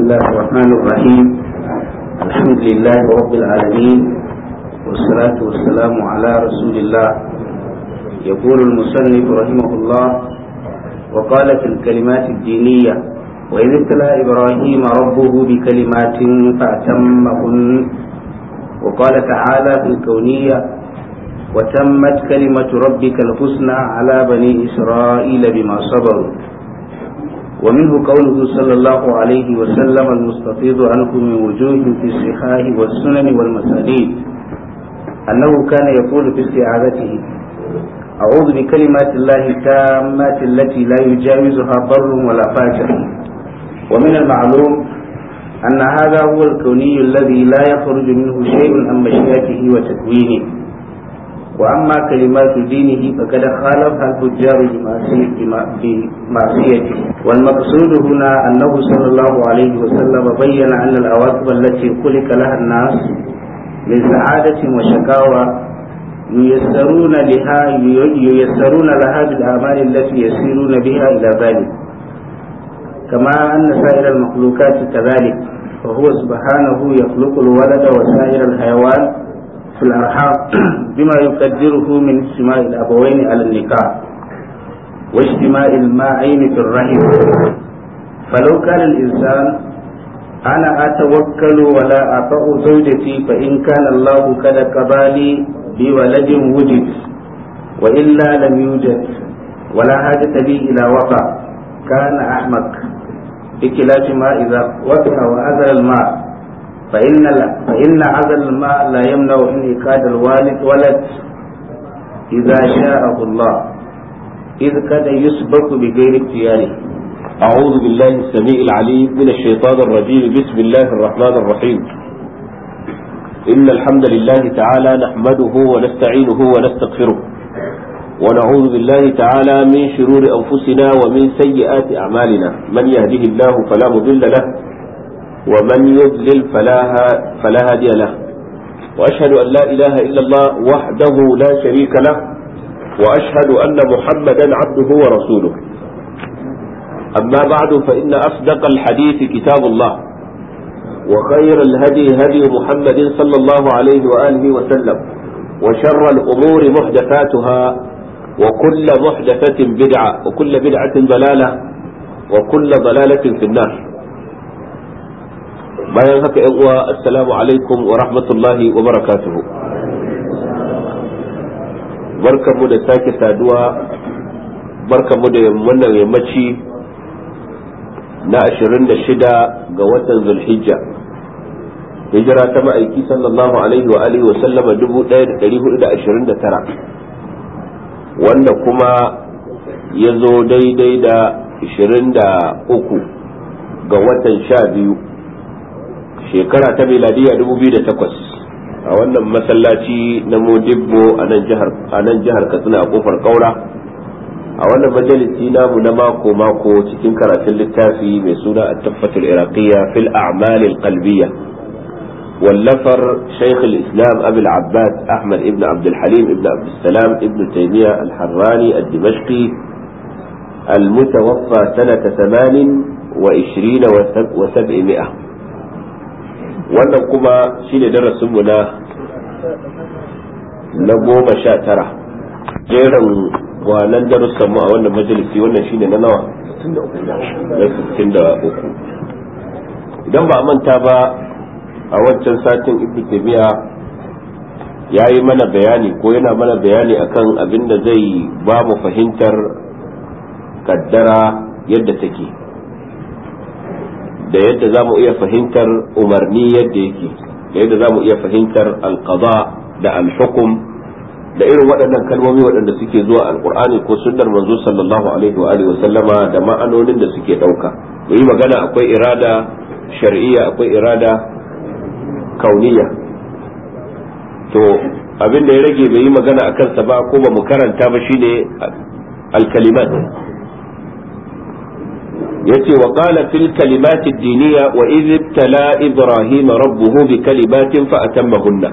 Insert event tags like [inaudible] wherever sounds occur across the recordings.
بسم الله الرحمن الرحيم الحمد لله رب العالمين والصلاة والسلام على رسول الله يقول المسلم رحمه الله وقال في الكلمات الدينية وإذ ابتلى إبراهيم ربه بكلمات فأتمهن وقال تعالى في الكونية وتمت كلمة ربك الحسنى على بني إسرائيل بما صبروا ومنه قوله صلى الله عليه وسلم المستفيض عنكم من وجوه في الصحاح والسنن والمسانيد أنه كان يقول في استعاذته أعوذ بكلمات الله التامات التي لا يجاوزها ضر ولا فاجر ومن المعلوم أن هذا هو الكوني الذي لا يخرج منه شيء عن مشيئته وتكوينه وأما كلمات دينه فقد خالفها الفجار بمعصيته والمقصود هنا أنه صلى الله عليه وسلم بين أن العواقب التي خلق لها الناس من سعادة وشكاوى ييسرون لها ييسرون لها بالأعمال التي يسيرون بها إلى ذلك كما أن سائر المخلوقات كذلك فهو سبحانه يخلق الولد وسائر الحيوان في الأرحام [clears throat] بما يقدره من اجتماع الأبوين على النكاح واجتماع الماعين في الرحم فلو كان الإنسان أنا أتوكل ولا أطع زوجتي فإن كان الله قد قبالي بولد وجد وإلا لم يوجد ولا حاجة لي إلى وقع كان أحمق بكلاهما إذا وقع وأذر الماء فإن لا فإن هذا الماء لا يمنع انعقاد الوالد ولد إذا شاء الله إذ كان يسبق بغير اختياره أعوذ بالله السميع العليم من الشيطان الرجيم بسم الله الرحمن الرحيم إن الحمد لله تعالى نحمده ونستعينه ونستغفره ونعوذ بالله تعالى من شرور أنفسنا ومن سيئات أعمالنا من يهده الله فلا مضل له ومن يضلل فلا فلا هادي له واشهد ان لا اله الا الله وحده لا شريك له واشهد ان محمدا عبده ورسوله اما بعد فان اصدق الحديث كتاب الله وخير الهدي هدي محمد صلى الله عليه واله وسلم وشر الامور محدثاتها وكل محدثه بدعه وكل بدعه ضلاله وكل ضلاله في النار bayan haka yan uwa assalamu alaikum wa rahmatullahi wa barakatuhu barkamu da sake saduwa barkamu da wannan yammaci na 26 ga watan zulhijja hijira ta ma'aiki sallallahu alaihi wa alihi wa sallama 1429 wanda kuma ya zo daidai da 23 ga watan 12 shekara ta miladiya 2008 a wannan masallaci na modibbo a nan jihar katsina a kofar kaura a wannan majalisi namu na mako mako cikin karatun littafi mai suna a tabbatul iraqiyya fil a'malil qalbiyya واللفر شيخ الإسلام أبي العباس أحمد ابن عبد الحليم ابن عبد السلام ابن تيمية الحراني الدمشقي المتوفى سنة ثمان وعشرين وسبعمائة wannan kuma shine darasinmu na na goma sha tara jerin gwanan darussanmu a wannan majalisi wannan shine na nawa na uku. idan ba a manta ba a wancan satin ibn tabiya ya yi mana bayani ko yana mana bayani akan abin da zai ba mu fahimtar kaddara yadda take da yadda za mu iya fahimtar umarni yadda yake da yadda za mu iya fahimtar alkaza da alhukum da irin waɗannan kalmomi waɗanda suke zuwa Alƙur'ani ko sunnar manzo sallallahu alaihi wa wa sallama da ma'anonin da suke ɗauka mu yi magana akwai irada shar'iyya akwai irada kauniya to abin da ya rage bai yi magana a kansa ba ko ba mu karanta ba shine alkalimat yace wa qala fil kalimat diniya wa idh ibtala ibrahim rabbuhu bi kalimatin fa atammahunna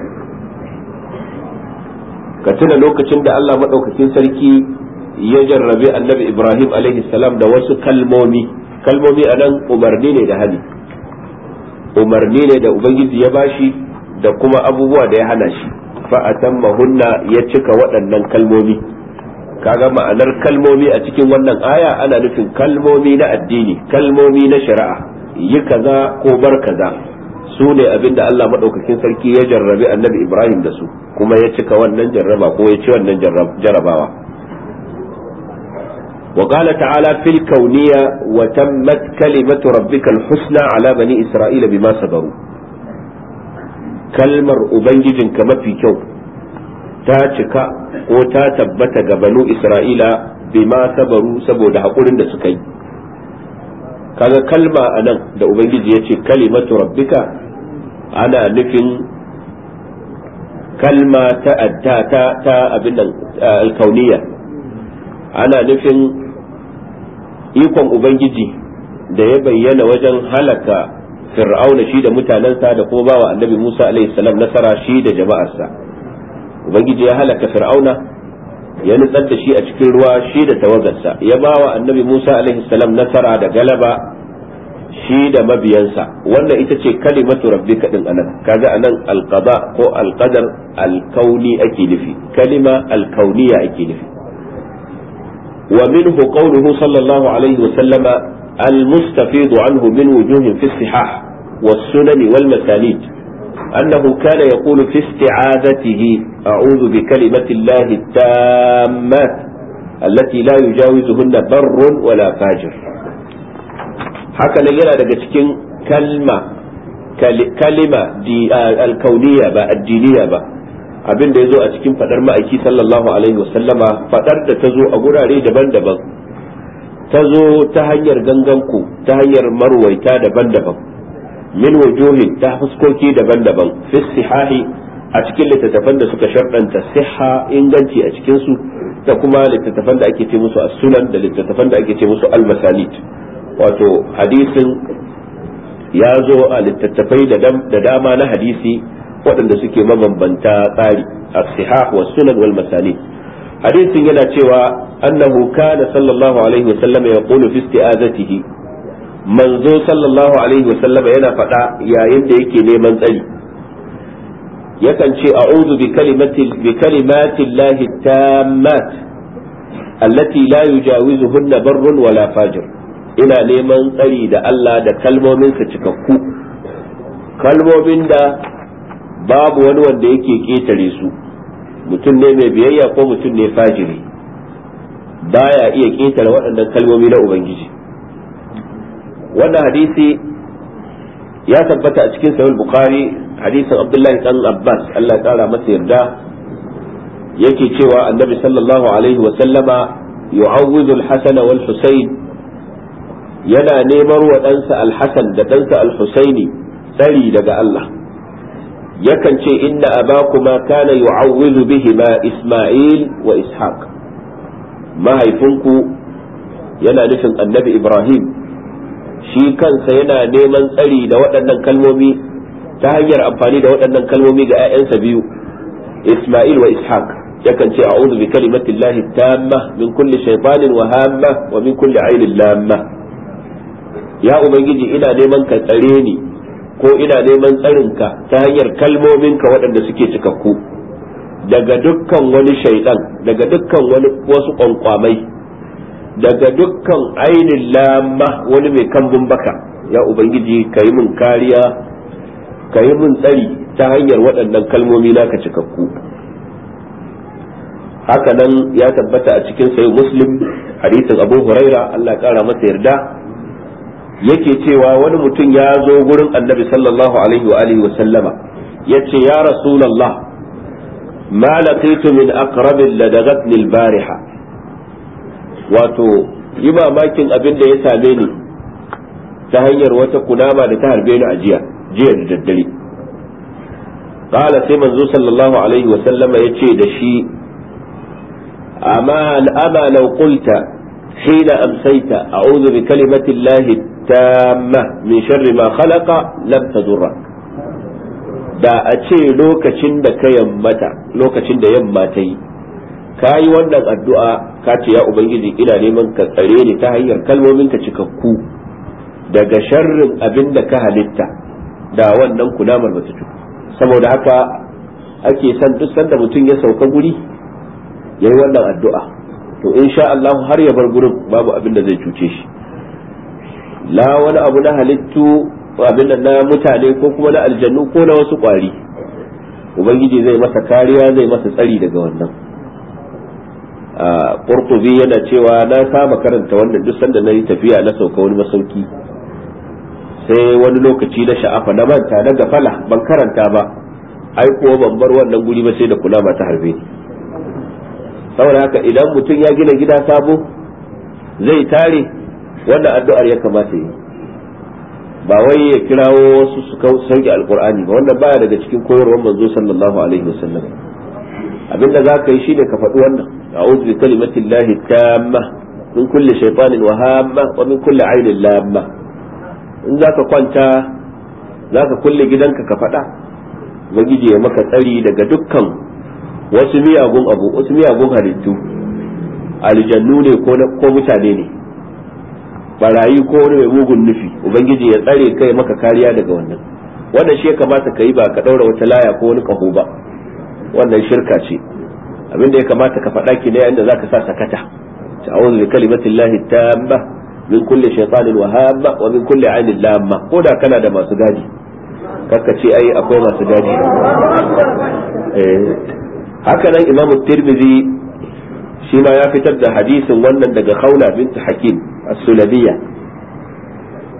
ka tuna lokacin da Allah madaukakin sarki ya jarrabe annabi ibrahim alaihi salam da wasu kalmomi kalmomi anan umarni ne da hali umarni ne da ubangiji ya bashi da kuma abubuwa da ya hana shi fa atammahunna ya cika waɗannan kalmomi kaga ma'anar kalmomi a cikin wannan aya ana nufin kalmomi na addini kalmomi na shari'a yi kaza ko bar kaza su ne abinda Allah maɗaukakin sarki ya jarrabi annabi Ibrahim da su kuma ya cika wannan jarraba ko ya ci wannan jarrabawa وقال ta'ala filkauniya الكونية وتمت كلمة ربك الحسنى على بني إسرائيل بما صبروا كلمة أبنجد كما mafi kyau. ta cika ko ta tabbata ga banu isra'ila bima sabaru saboda haƙurin da suka yi kaga kalma a nan da ubangiji ya ce kalimatu rabbika ana nufin kalma ta ta ta abin nan alkauniya ana nufin ikon ubangiji da ya bayyana wajen halaka fir'auna shi da mutanensa da kuma bawa annabi musa alaihi salam nasara shi da jama'arsa ubangiji ya halaka fir'auna ya nutsar da shi a cikin ruwa shi da tawagarsa ya ba wa annabi musa alaihi salam nasara da galaba shi da mabiyansa wannan ita ce kalimatu rabbika din anan kaga nan alqada ko alqadar alkauni ake nufi kalima alkauniya ake nufi wa minhu qawluhu sallallahu alaihi wa sallama wujuhin عنه من وجوه في الصحاح والسنن والمسانيد أنه كان يقول في استعاذته أعوذ بكلمة الله التامات التي لا يجاوزهن بر ولا فاجر haka nan yana daga cikin kalma kalima alkauniya ba addiniya ba abin da ya zo a cikin fadar ma'aiki sallallahu alaihi wasallama fadar da ta zo a gurare daban-daban ta zo ta hanyar ganganku ta hanyar marwaita daban-daban min wujuhin ta fuskoki daban-daban fi sihahi a cikin littattafan da suka sharɗanta siha inganci a cikinsu da kuma littattafan da ake ce musu as-sunan da littattafan da ake ce musu al-masalit wato hadisin ya zo a littattafai da dama na hadisi waɗanda suke mabambanta tsari as-sihah wa sunan wal-masalit hadisin yana cewa annahu kana sallallahu alaihi wasallam yaqulu fi isti'azatihi manzo sallallahu alaihi wasallam yana faɗa yayin da yake neman tsari yakan ce a'udhu bi kalimati bi kalimati llahi tammat allati la yujawizuhunna barrun wala fajir ina neman tsari da Allah da kalmominsa cikakku kalmomin da babu wani wanda yake ketare su mutum ne mai biyayya ko mutum ne fajiri baya iya ketare waɗannan kalmomi na ubangiji wannan hadisi ya tabbata a cikin sahih bukhari hadisin abdullahi dan abbas Allah ya kara masa yarda yake cewa annabi sallallahu alaihi wa sallama yu'awwidu al-hasan wal husayn yana nemar wa ɗansa al-hasan da ɗansa al-husaini tsari daga Allah yakan ce inna abakuma kana yu'awwidu bihima isma'il wa ishaq mahaifinku yana nufin annabi ibrahim shi kansa yana neman tsari da waɗannan kalmomi ta hanyar amfani da waɗannan kalmomi ga 'ya'yansa biyu Isma'il wa Ishaq yakan ce a'udhu bi kalimati Allahi tamma min kulli shaytanin wa hamma wa min kulli ainin lamma ya ubangiji ina neman ka tsare ni ko ina neman tsarinka ta hanyar kalmominka waɗanda suke cikakku daga dukkan wani shaidan daga dukkan wani wasu kwankwamai daga dukkan ainin lamma wani mai kambun baka ya ubangiji ka yi min kariya ka yi min tsari ta hanyar waɗannan kalmomi naka cikakku haka nan ya tabbata a cikin sayi muslim hadisin abu huraira allah ƙara masa yarda yake cewa wani mutum ya zo gurin annabi sallallahu alaihi wa alihi wa sallama ya ce ya rasulallah ma laqitu min aqrabin ladagatni al-bariha wato yi mamakin abin da ya same ni ta hanyar wata kunama da ta harbe ni a jiya jiya da daddare qala sai manzo sallallahu alaihi wa sallama yace da shi amma al'ama law qulta حين أمسيت أعوذ بكلمة الله التامة من شر ما خلق لم تضرك da a ce lokacin da ka yammata lokacin da yamma ta yi ka yi wannan addu'a ka ce ya ubangiji ina neman ka tsare ni ta hanyar kalmomin kalmominka cikakku daga sharrin abin da ka halitta da wannan kunamar bata saboda haka ake san duk sanda mutum ya sauka guri ya yi wannan addu'a to insha Allah har ya bar gurin babu abin da zai cuce shi la wani abu na halittu abin da na mutane ko kuma na aljannu ko na wasu kwari ubangiji zai masa kariya zai masa tsari daga wannan qurtubi yana cewa na kama karanta wannan duk sanda na yi tafiya na sauka wani masauki sai wani lokaci na sha'afa na manta na gafala ban karanta ba ai kuwa ban bar wannan guri ba sai da kula ba ta harbe saboda haka idan mutum ya gina gida sabo zai tare wannan addu'ar ya kamata yi ba wai ya kirawo wasu su sauke alkur'ani ba wannan baya daga cikin koyarwar manzo sallallahu alaihi wasallam abinda za ka yi shine ka faɗi wannan أعوذ بكلمة الله التامة من كل شيطان وهامة ومن كل عين لامة إن ذاك قلت ذاك كل جدنك كفتا وجدي مك تري دك دكم وسمي أبو أبو وسمي أبو هريتو aljannu ne ko mutane ne barayi ko wani mai mugun nufi ubangiji ya tsare kai maka kariya daga wannan wannan shi ya kamata ka yi ba ka ɗaura wata laya ko wani ƙaho ba wannan shirka ce abin da ya kamata ka faɗa ki da za zaka sa sakata ta'awuzu bi llahi tamma min kulli shaytanil wahab wa min kulli ainil lamma ko kana da masu gadi kaka ce ai akwai masu gadi eh, haka nan imamu tirmidhi shi ma ya fitar da hadisin wannan daga khawla bint hakim as sulabiyya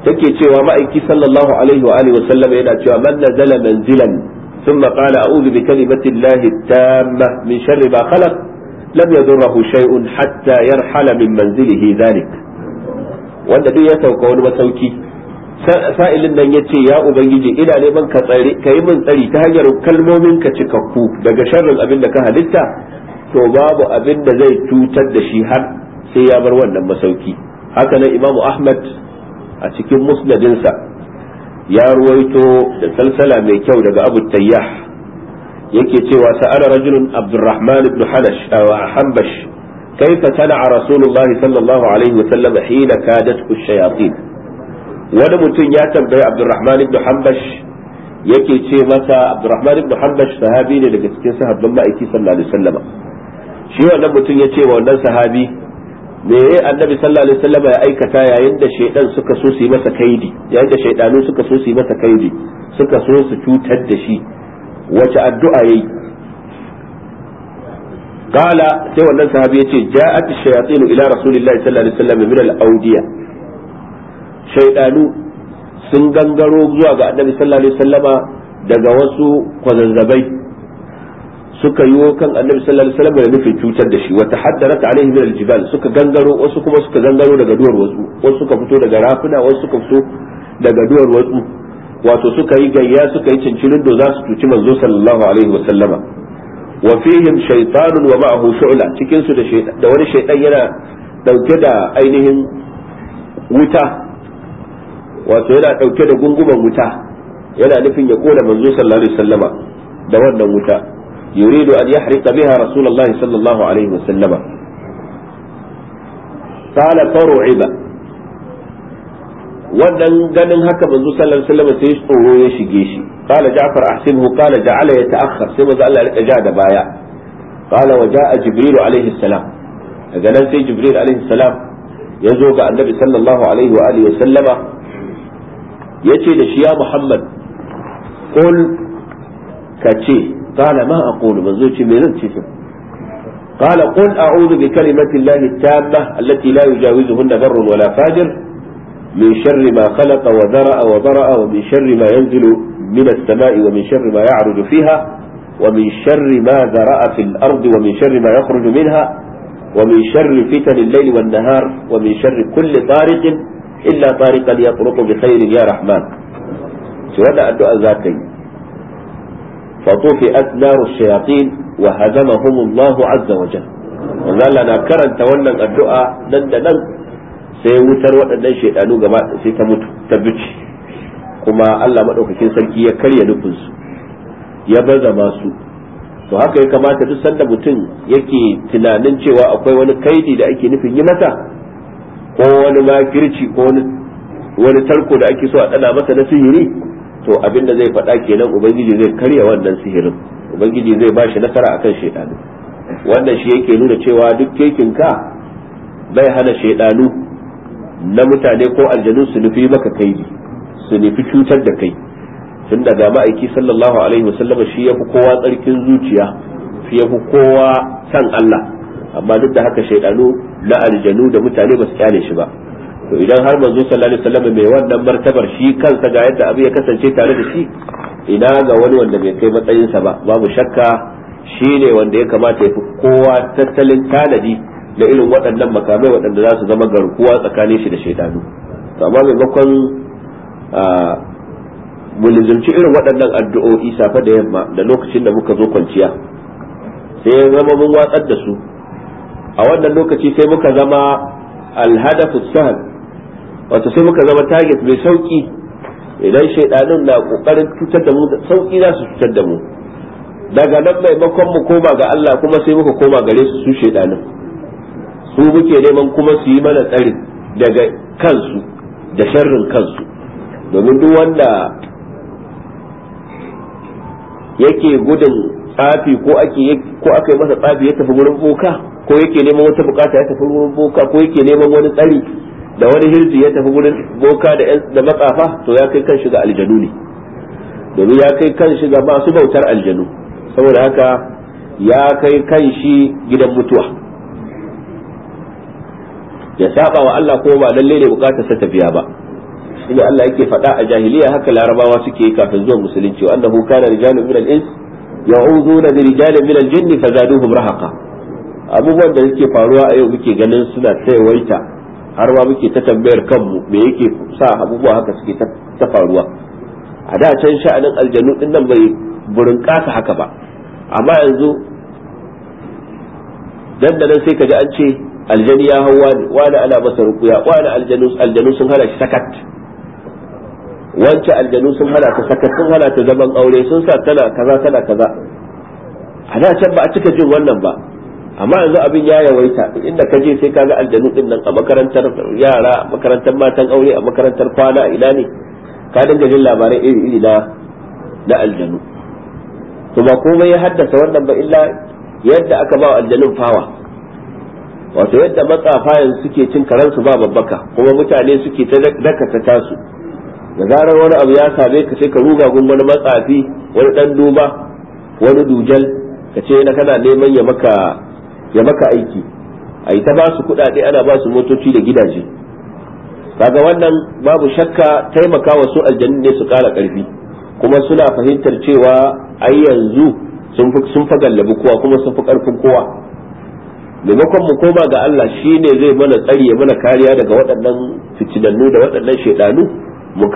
take cewa ma'aiki sallallahu alaihi wa alihi wa sallam yana cewa man nazala manzilan ثم قال أعوذ بكلمة الله التامة من شر ما خلق لم يضره شيء حتى يرحل من منزله ذلك wanda duk ya sauka wani masauki sa'ilin nan ya ce ya ubangiji ina neman ka tsare ka yi min tsari ta hanyar kalmomin ka cikakku daga sharrin abin da ka halitta to babu abin da zai cutar da shi har sai ya bar wannan masauki haka nan imamu ahmad a cikin musnadinsa ya ruwaito da salsala mai kyau daga abu tayyah yake cewa sa'ala rajulun abdurrahman ibn hanash uh, hambash kaifa sana'a rasulullahi sallallahu alaihi wa sallam hina kadat shayatin wani mutum ya tambayi abdurrahman ibn hambash yake ce masa abdurrahman ibn hanbash sahabi ne daga cikin sahabban ma'aiki sallallahu alaihi wa sallama shi wannan mutum ya ce wa wannan sahabi me annabi sallallahu alaihi wasallam ya aikata yayin da shaidan suka so su yi masa kaidi yayin da shaidanu suka so su yi masa kaidi suka so su cutar da shi wace addu'a yayi Kala sai wannan sahabi yace ja'at ash-shayatin ila rasulillahi sallallahu alaihi wasallam min al-awdiya shaidanu sun gangaro zuwa ga annabi sallallahu alaihi wasallama daga wasu kwazazzabai suka yi wa kan annabi sallallahu alaihi wasallam da nufin cutar da shi wa tahaddarat alaihi min aljibal suka gangaro wasu kuma suka gangaro daga duwar wasu wasu suka fito daga rafuna wasu suka fito daga duwar wasu wato suka yi gayya suka yi cincirin da za su tuci manzo sallallahu alaihi wasallama wa fihim shaytanun wa ma'ahu shu'la cikin su da shaytan da wani shaytan yana dauke da ainihin wuta wato yana dauke da gunguman wuta yana nufin ya kona manzo sallallahu alaihi wasallama da wannan wuta yuridu an yahriqa biha rasulullahi sallallahu alaihi wasallama qala faru'iba wannan ganin haka manzo sallallahu alaihi wasallam sai tsoro ya shige shi qala ja'far ahsinhu qala ja'ala yata'akhkhar sai manzo Allah ya rika ja da baya qala wa ja'a jibril alaihi salam daga nan sai jibril alaihi salam ya zo ga annabi sallallahu alaihi wa alihi wasallama yace da shi ya muhammad qul ka ce قال ما أقول منزوج من شيء قال قل أعوذ بكلمة الله التامة التي لا يجاوزهن بر ولا فاجر من شر ما خلق وذرأ وضرأ ومن شر ما ينزل من السماء ومن شر ما يعرج فيها ومن شر ما ذرأ في الأرض ومن شر ما يخرج منها ومن شر فتن الليل والنهار ومن شر كل طارق إلا طارقا يطرق بخير يا رحمن سواء الدعاء ذاتين فطفئت نار الشياطين وهزمهم الله عز وجل manzo na karanta wannan addu'a nan da nan sai wutar waɗannan shaidanu gaba sai ta mutu ta bici kuma Allah madaukakin sarki ya karya nufinsu ya baza masu to haka ya kamata duk sanda mutum yake tunanin cewa akwai wani kaidi da ake nufin yi masa ko wani makirci ko wani tarko da ake so a dana masa na sihiri to abin da zai faɗa kenan ubangiji zai karya wannan sihirin ubangiji zai ba shi nasara akan shaidanu wannan shi yake nuna cewa duk kekin ka bai hana shaidanu na mutane ko aljanu su nufi maka kaidi su nufi cutar da kai tun daga ma'aiki sallallahu alaihi wasallam shi yafi kowa tsarkin zuciya shi yafi kowa san Allah amma duk da haka shaidanu na aljanu da mutane ba su kyale shi ba to idan har manzo sallallahu alaihi wasallam mai wannan martabar shi kansa ga yadda abu ya kasance tare da shi idan ga wani wanda bai kai matsayinsa ba babu shakka shi ne wanda ya kamata ya fi kowa tattalin tanadi da irin waɗannan makamai waɗanda za su zama garkuwa tsakanin shi da shaitanu. to amma maimakon mu lizumci irin waɗannan addu'o'i safe da yamma da lokacin da muka zo kwanciya sai ya zama mun watsar da su a wannan lokaci sai muka zama alhadafu wato sai muka zama target mai sauki idan shaidanin na kokarin cutar da mu sauki za su cutar da mu daga nan maimakon mu koma ga Allah kuma sai muka koma gare su su shaidanin su muke neman kuma su yi mana tsari daga kansu da sharrin kansu domin duk wanda yake gudun tsafi ko ake ko aka masa tsafi ya tafi gurin boka ko yake neman wata bukata ya tafi gurin boka ko yake neman wani tsari da wani hirji ya tafi gurin boka da da matsafa to ya kai kan shiga aljanu ne domin ya kai kan shiga masu bautar aljanu saboda haka ya kai kan shi gidan mutuwa ya saba wa Allah ko ba lalle ne bukatar sa tafiya ba inda Allah yake faɗa a jahiliya haka larabawa suke yi kafin zuwa musulunci wa annahu kana rijalun min al-ins ya'uduna bi rijalin min al-jinni fazaduhum rahaqa abubuwan da suke faruwa a yau muke ganin suna tsayawaita har ma muke ta tambayar kanmu me yake sa abubuwa haka suke ta faruwa a da can sha'anin aljanu din nan bai burin kasa haka ba amma yanzu dan da sai ka ji an ce aljani ya hau wani wani ana masa rukuya wani aljanu sun hana shi sakat wancan aljanu sun hana ta sakat sun hana ta zaman aure sun sa tana kaza tana kaza a da can ba a cika jin wannan ba amma yanzu abin ya yawaita inda ka je sai kaga aljanu din nan a makarantar yara a makarantar matan aure a makarantar kwana a ina ne ka dinga jin labarai iri iri na na aljanu to ba komai ya haddasa wannan ba illa yadda aka ba aljanun fawa wato yadda matsafa yanzu suke cin karansu ba babbaka kuma mutane suke ta dakata tasu da zarar wani abu ya same ka sai ka ruga gun wani matsafi wani dan duba wani dujal ka ce na kana neman ya maka ya maka aiki a yi ta ba su kuɗaɗe ana ba su motoci da gidaje kaga wannan babu shakka taimakawa su aljannu ne su kara karfi kuma suna fahimtar cewa ai yanzu sun fa gallabi kowa kuma sun fi karfin kowa maimakon mu koma ga Allah shine zai mana tsari ya mana kariya daga waɗannan fitinannu da waɗannan shaidanu mu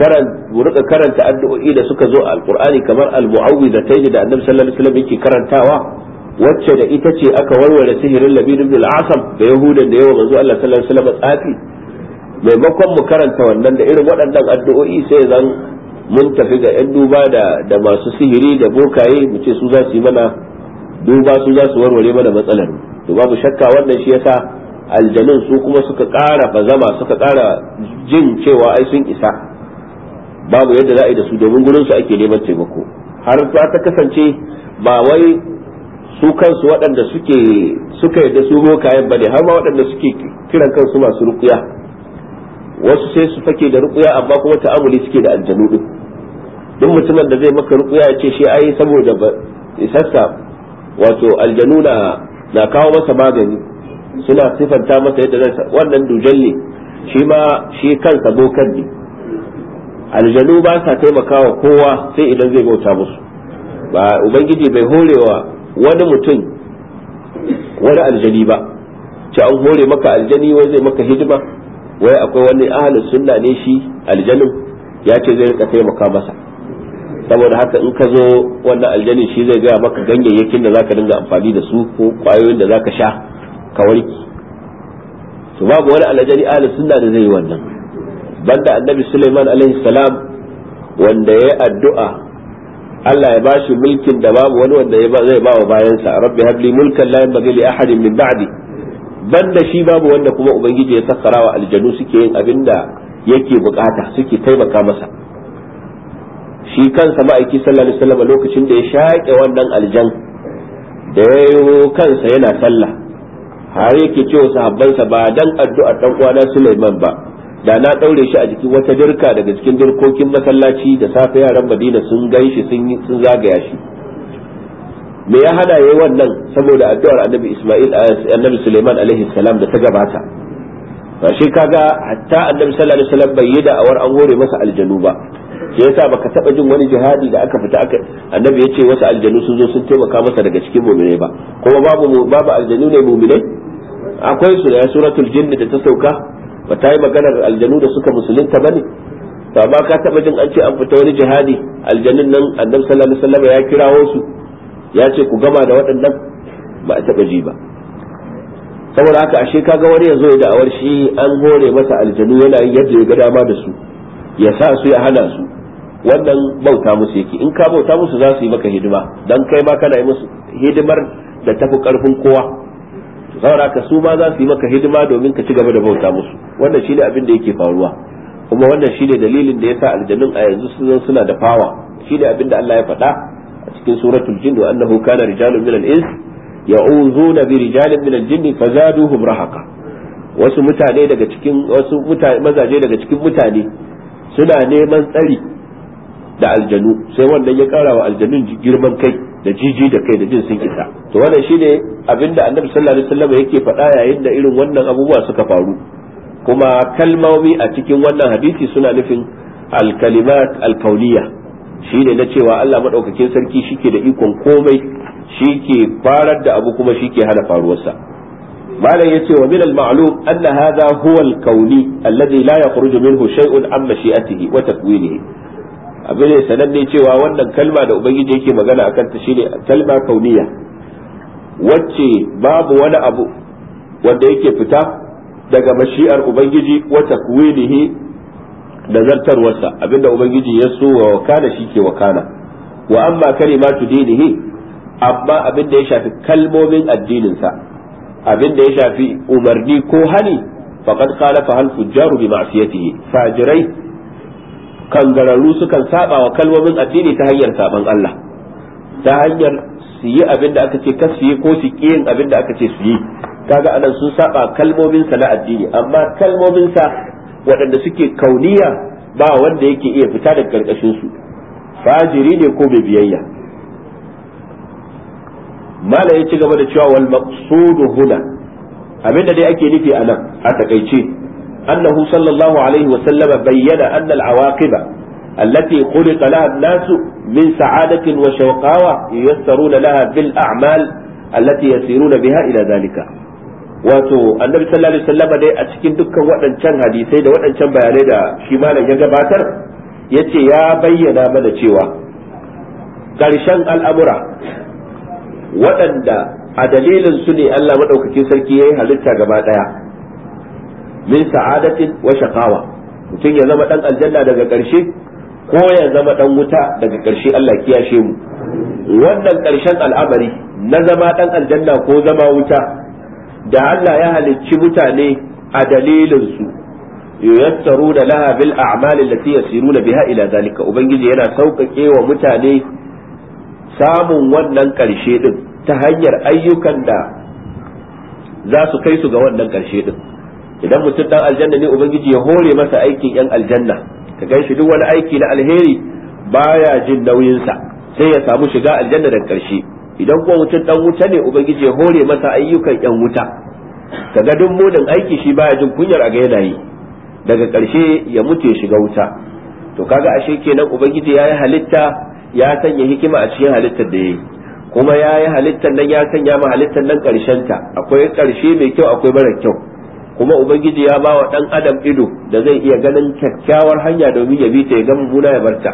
rika karanta addu'o'i da suka zo a alqur'ani kamar al-mu'awwidhatayn da annabi sallallahu alaihi wasallam yake karantawa wacce da ita ce aka warware sihirin labin ibn al-asam da yahudan da yawa manzo Allah sallallahu alaihi wasallam tsafi maimakon mu karanta wannan da irin waɗannan addu'o'i sai zan mun tafi ga yan duba da da masu sihiri da bokaye mu ce su za su yi mana duba su za su warware mana matsalar to babu shakka wannan shi yasa aljanun su kuma suka ƙara bazama suka ƙara jin cewa ai sun isa babu yadda za a yi da su domin gurin su ake neman taimako har ta kasance ba wai su kansu waɗanda suke suka yadda su bokayen bane har ma waɗanda suke kiran kansu masu rukuya wasu sai su fake da rukuya amma kuma ta'amuli suke da aljanu din duk mutumin da zai maka rukuya ya ce shi ai saboda ba isassa wato aljanu na na kawo masa magani suna sifanta masa yadda zai wannan dujalle shi ma shi kansa bokan ne aljanu ba sa taimakawa kowa sai idan zai bauta musu ba ubangiji bai horewa wani mutum wani aljani ba ci an hore maka aljani wai zai maka hidima wai akwai wani ahalin sunna ne shi aljanin ya ce zai rika taimaka masa saboda haka in ka zo wannan aljanin shi zai gaya maka ganyayyakin da zaka dinga amfani da su ko kwayoyin da zaka sha ka warki to babu wani aljani ahalin sunna da zai yi wannan banda annabi Sulaiman alaihi salam wanda ya yi addu'a Allah ya ba shi mulkin da babu wani wanda zai ba wa bayansa rabbi habli mulkan la yanbaghi li ahadin min ba'di banda shi babu wanda kuma ubangiji ya sakkara wa aljanu suke yin abinda yake bukata suke taimaka masa shi kansa ma'aiki sallallahu alaihi wasallam lokacin da ya shaƙe wannan aljan da yayyo kansa yana sallah har yake cewa sahabbansa ba dan addu'ar dan uwana Sulaiman ba da na daure shi a jikin wata dirka daga cikin dirkokin masallaci da safe yaran madina sun gan shi sun zagaya shi me ya hada yayi wannan saboda addu'ar annabi isma'il eh, annabi suleiman alaihi salam da ta gabata shi kaga hatta annabi sallallahu alaihi wasallam bai yi da awar an hore masa aljanu ba shi yasa baka taba jin wani jihadi da aka fita aka annabi ya ce wasu aljanu sun zo sun taimaka masa daga cikin mu'minai ba kuma babu babu aljanu ne mu'minai akwai su da suratul jinn da ta sauka ba ta yi maganar aljanu da suka musulunta ba ne ba ma ka taba jin an ce an fita wani jihadi aljanun nan annabi sallallahu alaihi wasallam ya kirawo su ya ce ku gama da waɗannan ba a taɓa ji ba saboda haka ashe kaga wani yanzu ya da'awar shi an hore masa aljanu yana yadda ya ga dama da su ya sa su ya hana su wannan bauta musu yake in ka bauta musu za su yi maka hidima dan kai ma kana yi musu hidimar da tafi karfin kowa saboda ka su ma za su yi maka hidima domin ka ci gaba da bauta musu wannan shine abin da yake faruwa kuma wannan shine dalilin da yasa aljanun a yanzu sun suna da fawa shine abin da Allah ya faɗa a cikin suratul jin wa annahu kana rijalun minal ins ya'uzuna bi rijalin minal jinni fazaduhum rahaqa wasu mutane daga cikin wasu mutane mazaje daga cikin mutane suna neman tsari da aljanu sai wannan ya kara wa aljanun girman kai da jiji da kai da jin sun isa to wannan shine abinda annabi sallallahu alaihi wasallam yake faɗa yayin da irin wannan abubuwa suka faru kuma kalmomi a cikin wannan hadisi suna nufin al-kalimat al-kauniyya shine na cewa Allah madaukakin sarki shike da ikon komai shike farar da abu kuma shike hana faruwarsa malam yace wa min al-ma'lum anna hadha huwa al-kauni alladhi la yakhruju minhu shay'un amma shi'atihi wa takwinihi abin ne sananne cewa wannan kalma da ubangiji yake magana akan ta shine kalma kauniya wacce babu wani abu wanda yake fita daga mashi'ar ubangiji wata kuwilihi da zartarwarsa abinda ubangiji ya so wa wakana shi ke wakana wa amma kalimatu dinihi amma abinda ya shafi kalmomin addininsa abinda ya shafi umarni ko hani faqad qala fa hal fujjaru bi ma'siyatihi fajirai kangararru sukan saba wa kalmomin addini ta hanyar saban Allah ta hanyar su yi abin da aka ce kas su yi ko su ki yin abin da aka ce su yi kaga anan sun saba kalmomin sa na addini amma kalmomin sa waɗanda suke kauniya ba wanda yake iya fita daga karkashin su fajiri ne ko bai biyayya mala ya ci gaba da cewa wal maqsudu huna abin dai ake nufi anan a takaice أنه صلى الله عليه وسلم بين أن العواقب التي خلق لها الناس من سعادة وشقاوة ييسرون لها بالأعمال التي يسيرون بها إلى ذلك wato annabi sallallahu alaihi wasallam dai a cikin dukkan waɗancan hadisai da waɗancan bayanai da shi malam ya gabatar yace ya bayyana mana cewa ƙarshen al'amura waɗanda a dalilin su ne Allah madaukakin sarki yayi halitta gaba ɗaya min sa'adatin wa shaqawa mutum ya zama dan aljanna daga karshe ko ya zama dan wuta daga ƙarshe Allah kiyashe mu wannan karshen al'amari na zama dan aljanna ko zama wuta da Allah ya halicci mutane a dalilin su yuyattaru da laha bil a'mal allati yasiruna biha ila zalika ubangiji yana saukake wa mutane samun wannan ƙarshe din ta hanyar ayyukan da za su kai su ga wannan ƙarshe din idan mutum dan aljanna ne ubangiji ya hore masa aikin yan aljanna ka gan shi duk wani aiki na alheri baya jin nauyinsa sai ya samu shiga aljanna da karshe idan kuma mutum dan wuta ne ubangiji ya hore masa ayyukan yan wuta ka ga duk munin aiki shi baya jin kunyar a ga yana yi daga karshe ya mutu ya shiga wuta to kaga ashe kenan ubangiji ya halitta ya sanya hikima a cikin halittar da yayi kuma ya yi halittar nan ya sanya ma halittar nan karshen ta akwai karshe mai kyau akwai mara kyau kuma ubangiji ya bawa dan adam ido da zai iya ganin kyakkyawar hanya domin ya bi ta ya ga mummuna ya barta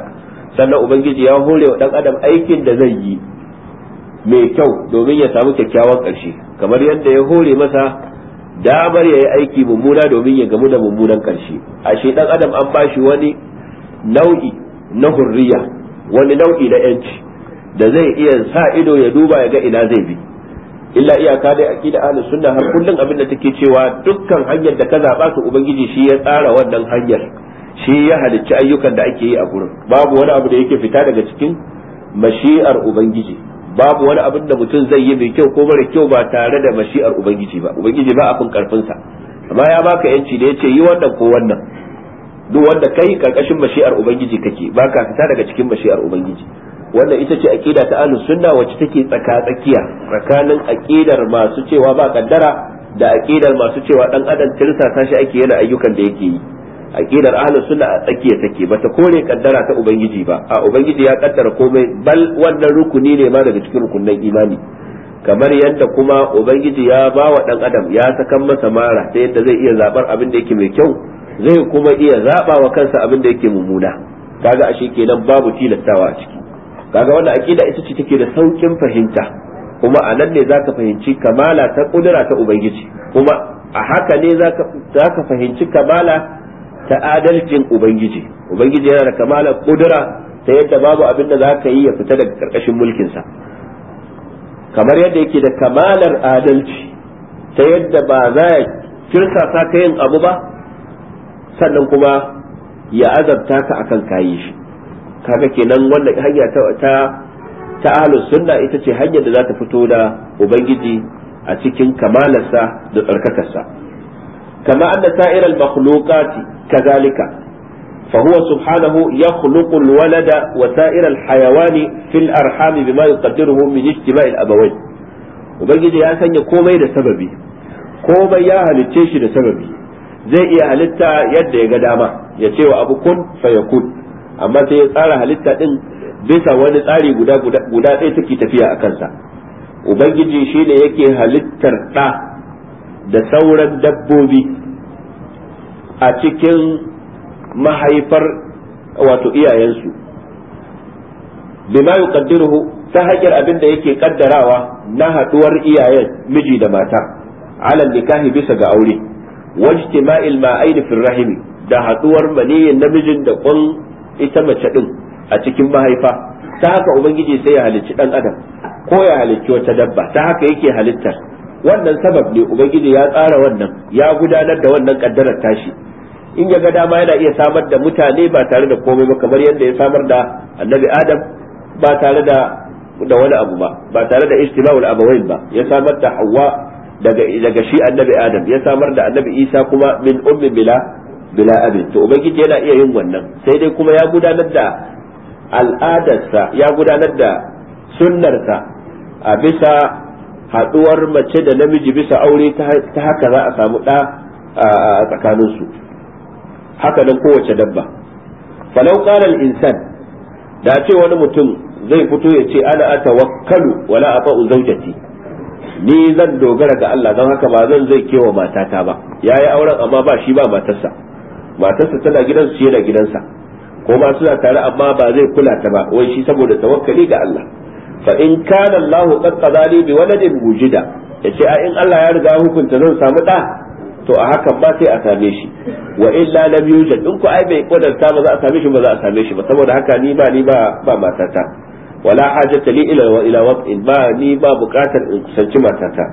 sannan ubangiji ya hore wa dan adam aikin da zai yi mai kyau domin ya samu kyakkyawan ƙarshe kamar yadda ya hore masa damar ya yi aiki mummuna domin ya gamu da mummunan ƙarshe shi dan adam an ba shi wani nau'i na hurriya wani nau'i na yanci da zai iya sa ido ya duba ya ga ina zai bi illa iyaka dai aqida ahlus sunna har kullun abin da take cewa dukkan hanyar da ka zaba ta ubangiji shi ya tsara wannan hanyar shi ya halicci ayyukan da ake yi a gurin babu wani abu da yake fita daga cikin mashi'ar ubangiji babu wani abin da mutum zai yi mai kyau ko mara kyau ba tare da mashi'ar ubangiji ba ubangiji ba abin karfin sa amma ya baka yanci da yace yi wannan ko wannan duk wanda kai karkashin mashi'ar ubangiji kake baka fita daga cikin mashi'ar ubangiji wanda ita ce aqida ta ahlus sunna wacce take tsaka tsakiya tsakanin aqidar masu cewa ba kaddara da aqidar masu cewa dan adam tirsasa shi ake yana ayyukan da yake yi aqidar ahlus sunna a tsakiya take bata kore kaddara ta ubangiji ba a ubangiji ya kaddara komai bal wannan rukuni ne ma daga cikin rukunin imani kamar yadda kuma ubangiji ya ba wa dan adam ya sakan masa mara ta yadda zai iya zabar abin da yake mai kyau zai kuma iya zaba wa kansa abin da yake mummuna kaga ashe kenan babu tilastawa a ciki kaga wannan aqida ita ce take da saukin fahimta kuma a nan ne zaka fahimci kamala ta kudura ta ubangiji kuma a haka ne zaka zaka fahimci kamala ta adalcin ubangiji ubangiji yana da kamala kudura ta yadda babu abin da zaka yi ya fita daga karkashin mulkinsa kamar yadda yake da kamalar adalci ta yadda ba za ya kirsa ka yin abu ba sannan kuma ya azabta ka akan kayi shi kaga kenan wannan hanya ta ta ahlus sunna ita ce hanyar da za ta fito da ubangiji a cikin kamalarsa da tsarkakarsa kama anna sa'ir al-makhluqati kadhalika fa huwa subhanahu yakhluqu al-walada wa sa'ir hayawani fil arham bima yuqaddiruhu min ijtima'i al-abawayn ubangiji ya sanya komai da sababi komai ya halicce shi da sababi zai iya halitta yadda ya ga dama ya ce wa abu kun fayakun amma sai ya tsara halitta din bisa wani tsari guda guda ɗaya take tafiya a kansa ubangiji shine yake halittar ɗa da sauran dabbobi a cikin mahaifar wato iyayensu bima yuqaddiruhu ta hanyar abin da yake kaddarawa na haduwar iyayen miji da mata alal nikahi bisa ga aure wajtima'il ma'aini fil rahimi da haduwar maniyin namijin da kun ita mace din a cikin mahaifa ta haka ubangiji sai ya halicci dan adam ko ya halicci wata dabba ta haka yake halittar wannan sabab ne ubangiji ya tsara wannan ya gudanar da wannan kaddarar tashi in ya ga dama yana iya samar da mutane ba tare da komai ba kamar yadda ya samar da annabi adam ba tare da da wani abu ba ba tare da ijtima'ul abawain ba ya samar da hawa daga daga shi annabi adam ya samar da annabi isa kuma min ummi bila bila abin to ubangiji yana iya yin wannan sai dai kuma ya gudanar da al'adarsa ya gudanar da sunnarsa a bisa haɗuwar mace da namiji bisa aure ta haka za a samu ɗa a tsakaninsu haka nan kowace dabba falau ƙarar insan da ce wani mutum zai fito ya ce ana atawakkalu wala a zaujati ni zan dogara ga Allah don haka ba zan zai kewa matata ba ya yi auren amma ba shi ba matarsa matarsa tana gidansa shi yana gidansa ko ma suna tare amma ba zai kula ta ba wai shi saboda tawakkali ga Allah fa in kana Allahu qad qadali bi waladin wujida yace a in Allah ya riga hukunta zan samu da to a hakan ba sai a same shi wa illa lam yujad in ku ai bai kodarta ba za a same shi ba za a same shi ba saboda haka ni ba ni ba ba matata wala hajata li ila ila ba ni ba bukatar in kusanci matata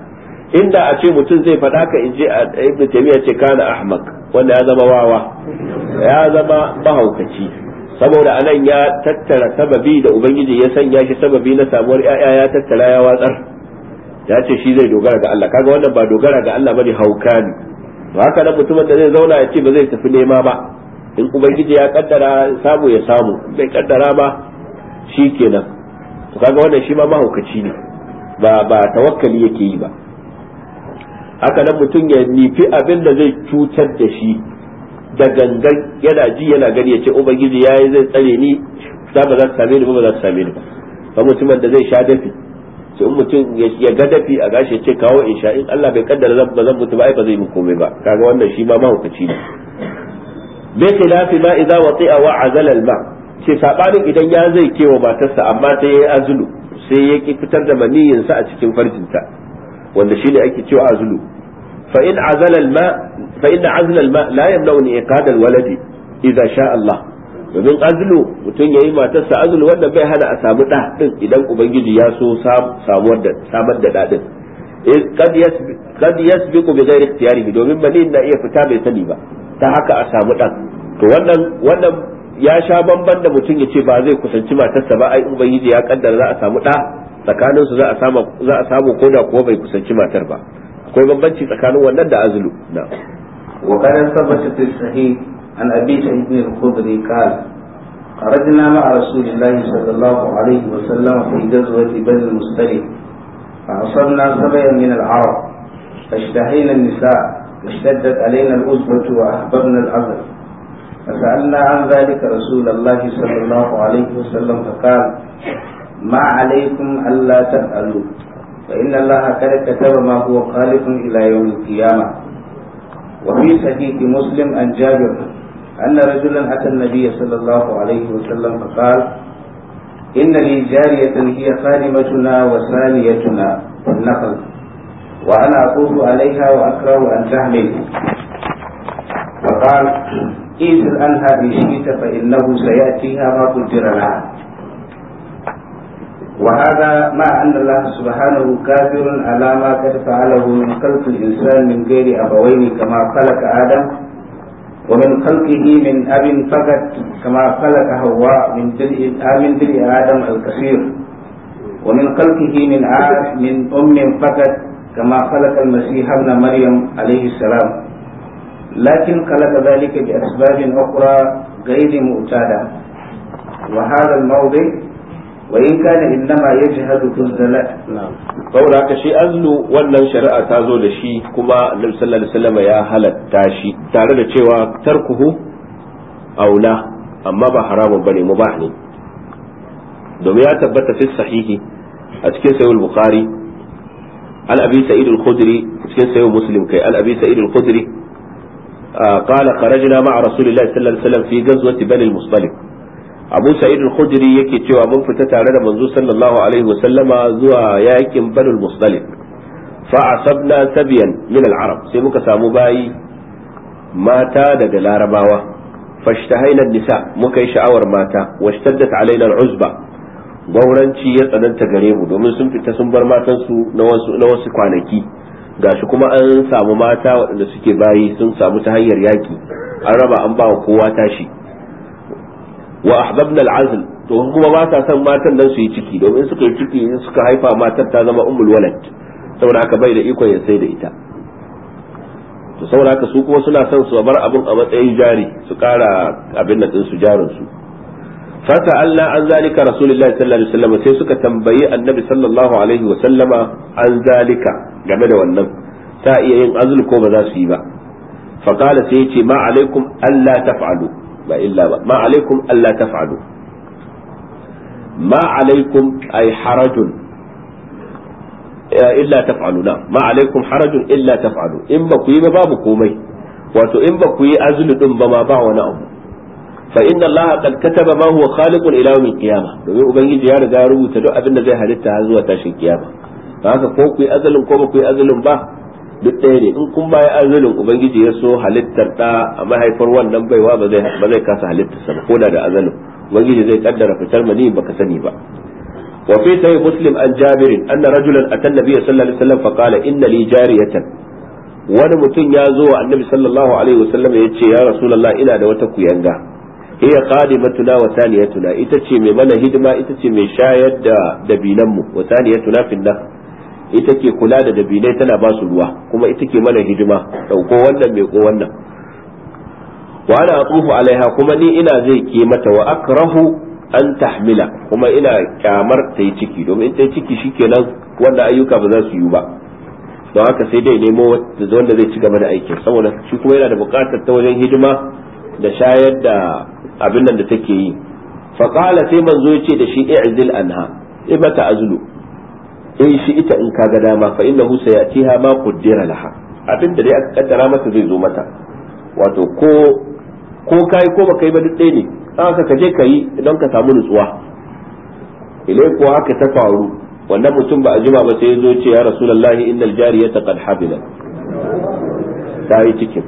inda a ce mutum zai faɗa ka in je ibn taymiya ce kana ahmak wanda ya zama wawa ya zama mahaukaci saboda anan ya tattara sababi da ubangiji ya sanya shi sababi na samuwar yaya ya tattara ya watsar ya ce shi zai dogara ga Allah kaga wannan ba dogara ga Allah bane hauka ne to haka nan mutumin da zai zauna ya ce ba zai tafi nema ba in ubangiji ya kaddara samu ya samu bai kaddara ba shikenan to kaga wannan shi ma mahaukaci ne ba ba tawakkali yake yi ba haka nan mutum ya nifi abin da zai cutar da shi da gangan yana ji yana gani ya ce ubangiji ya yi zai tsare ni za ba za ta same ni ba ba za ta same ni ba ba mutum da zai sha dafi in mutum ya ga dafi a gashi ce kawo in sha in Allah bai kaddara zan ba zan mutu ba ai ba zai mu komai ba kaga wannan shi ma mahaukaci ne bai khilafi ma idza wati'a wa azala al ma ce sabanin idan ya zai kewa matarsa amma sai yi azulu sai ya ki fitar da sa a cikin farjinta wanda shi ne ake cewa azlu fa in azala alma fa in wani alma la yamna'u iqad sha Allah domin azlu mutum ya yi matarsa azlu wanda bai hana a samu da din idan ubangiji ya so samuwar da samar da dadin kad su bi ghairi ikhtiyarihi domin manin na iya fita bai sani ba ta haka a samu dan to wannan wannan ya sha bamban da mutum ya ce ba zai kusanci matarsa ba ai ubangiji ya kaddara za a samu da tsakanin su za a samu ko da kuwa bai kusanci matar ba akwai bambanci tsakanin wannan da azulu na wa qala sabata fi sahih an abi sa'id a al-khudri qala خرجنا مع رسول الله صلى الله عليه وسلم في غزوة shi المصطلق فأصبنا سبعا من العرب فاشتهينا النساء واشتدت علينا الأزمة وأحببنا الأذى فسألنا عن ذلك رسول الله صلى الله عليه وسلم فقال ما عليكم ألا تفعلوا فإن الله قد كتب ما هو خالق إلى يوم القيامة وفي حديث مسلم عن جابر أن رجلا أتى النبي صلى الله عليه وسلم فقال إن لي جارية هي خادمتنا وساليتنا في النخل وأنا أطوف عليها وأكره أن تحمل فقال إيسر عنها بشيك فإنه سيأتيها ما قدر لها وهذا مع أن الله سبحانه قادر على ما قد فعله من خلق الإنسان من غير أبوين كما خلق آدم ومن خلقه من أب فقط كما خلق هواء من جزء من جزء آدم الكثير ومن خلقه من آب من أم فقط كما خلق المسيح ابن مريم عليه السلام لكن خلق ذلك بأسباب أخرى غير معتادة وهذا الموضع wa in kana innama yajhadu kuzzalat saboda haka shi azlu wannan shari'a ta zo da shi kuma annabi sallallahu alaihi ya halatta shi tare da cewa tarkuhu aula amma ba haramun bane mubah ne domin ya tabbata fi sahihi a cikin sahih bukhari al abi sa'id al khudri cikin sahih muslim kai al abi sa'id al khudri قال خرجنا مع رسول الله صلى الله عليه وسلم في غزوة بني المصطلق abu sa'id al-khudri yake cewa mun fita tare da manzo sallallahu alaihi wasallama zuwa yakin banul mustalif fa asabna sabiyan min al-arab sai muka samu bayi mata daga larabawa fashtahaina nisa muka yi sha'awar mata washtaddat alaina al-uzba gauranci ya tsananta gare mu domin sun fita sun bar matansu na wasu na wasu kwanaki gashi kuma an samu mata waɗanda suke bayi sun samu ta hanyar yaki an raba an ba kowa tashi wa ahbabna al'azl to kuma ba sa son matan nan su yi ciki domin suka yi ciki in suka haifa matar ta zama ummul walad saboda haka bai da ikon ya sai da ita to saboda haka su kuma suna son su bar abin a matsayin jari su kara abin da su jarin su fata Allah an zalika rasulullahi sallallahu alaihi wasallam sai suka tambayi annabi sallallahu alaihi wasallama an zalika game da wannan ta iya yin azul ko ba za su yi ba faqala sai yace ma alaikum alla taf'alu ba illa ba ma alaikum Allah faɗo ma alaikum ay harajun illa taf'alu na ma alaikum harajun illa taf'alu in ba ku yi ba babu komai wato in ba ku yi azulu ba ma ba wani abu fa inna Allah qad kataba ma huwa khaliqun ila yawmil qiyamah domin ubangiji ya riga ya rubuta duk abin da zai halitta har zuwa tashin kiyama haka ko ku yi azalin ko ba ku yi azalin ba duk ɗaya ne in kun bayan azalin ubangiji ya so halittar ɗa a mahaifar wannan baiwa ba zai kasa halittar sa ko da azalin ubangiji zai kaddara fitar mani ka sani ba wa fi muslim an an anna rajulan atan nabiyyi sallallahu alaihi wasallam fa inna li jariyatan wani mutum ya zo wa annabi sallallahu alaihi wasallam ya ce ya rasulullah ina da wata kuyanga hiya qadimatuna wa thaniyatuna ita ce mai mana hidima ita ce mai shayar da dabinanmu wa thaniyatuna fi nar ita ke kula da dabinai tana ba su ruwa kuma ita ke mana hidima dauko wannan mai ko wannan wa ana atufu alaiha kuma ni ina zai ke mata wa akrahu an tahmila kuma ina kyamar ta yi ciki domin ta yi ciki shikenan wanda ayyuka ba za su yi ba don haka sai dai nemo wanda zai ci gaba da aikin saboda shi kuma yana da bukatar ta wajen hidima da shayar da abin nan da take yi faqala sai manzo ce da shi i'zil anha ibata azlu in eh, shi ita in kaga dama fa innahu sayatiha ma quddira laha abin da dai aka kaddara mata zai zo mata wato ko ko kai ko baka yi ba duk ne haka ka je kai don ka samu nutsuwa ilai ko haka ta faru wannan mutum ba a jima ba sai ya zo ce ya rasulullahi innal jariyata qad habila ta yi cikin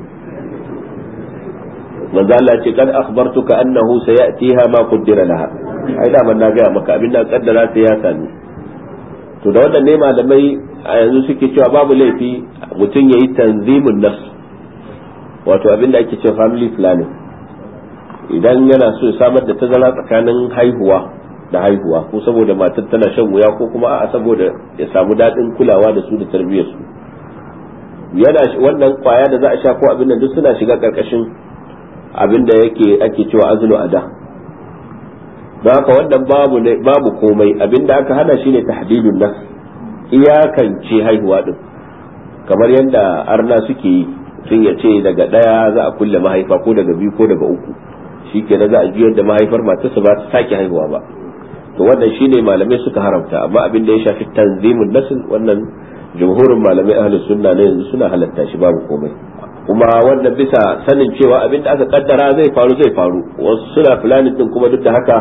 manzo Allah ce kan akhbartuka annahu sayatiha ma quddira laha ai da na ga maka abin da kaddara sai ya sani to da wannan ne malamai a yanzu suke cewa babu laifi mutum ya yi tanzimin nafs wato abin da ake cewa family planning idan yana so ya samar da tazara tsakanin haihuwa da haihuwa ko saboda matar tana shan wuya ko kuma a'a saboda ya samu daɗin kulawa da su da tarbiyyarsu yana wannan kwaya da za a sha ko abin nan duk suna shiga ƙarƙashin abin da yake ake cewa azulu da. don haka wannan babu babu komai abinda aka hana shine tahdidun nas iyakance haihuwa din kamar yadda arna suke yi sun ya ce daga daya za a kulle mahaifa ko daga biyu ko daga uku shi ke za a juyar da mahaifar su ba ta sake haihuwa ba to wannan shi ne malamai suka haramta amma abin da ya shafi tanzimin nasin wannan jumhurin malamai ahalus sunna ne yanzu suna halatta shi babu komai kuma wannan bisa sanin cewa abin da aka kaddara zai faru zai faru wasu suna fulani din kuma duk da haka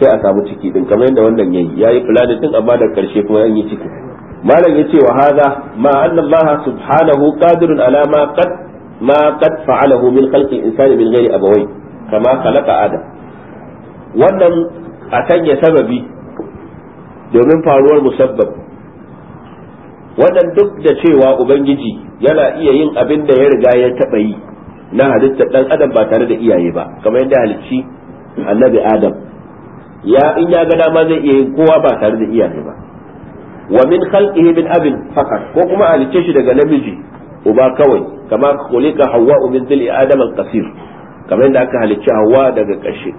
sai a samu ciki din kamar yadda wannan yayi yayi fulani din amma da karshe kuma yayi ciki malam yace wa hadha ma anna subhanahu qadirun ala ma qad ma qad fa'alahu min khalqi insani min ghairi abawai kama khalaqa adam wannan a ya sababi domin faruwar musabbab wannan duk da cewa ubangiji yana iya yin abin da ya riga ya taba yi na halittar dan adam ba tare da iyaye ba kamar yadda halicci annabi adam ya in ya ga dama zai iya yin kowa ba tare da iyaye ba wa min khalqihi min abin faqat ko kuma halice shi daga namiji uba kawai kama khuliqa hawa min dil adam al qasir kamar yadda aka halicci hawa daga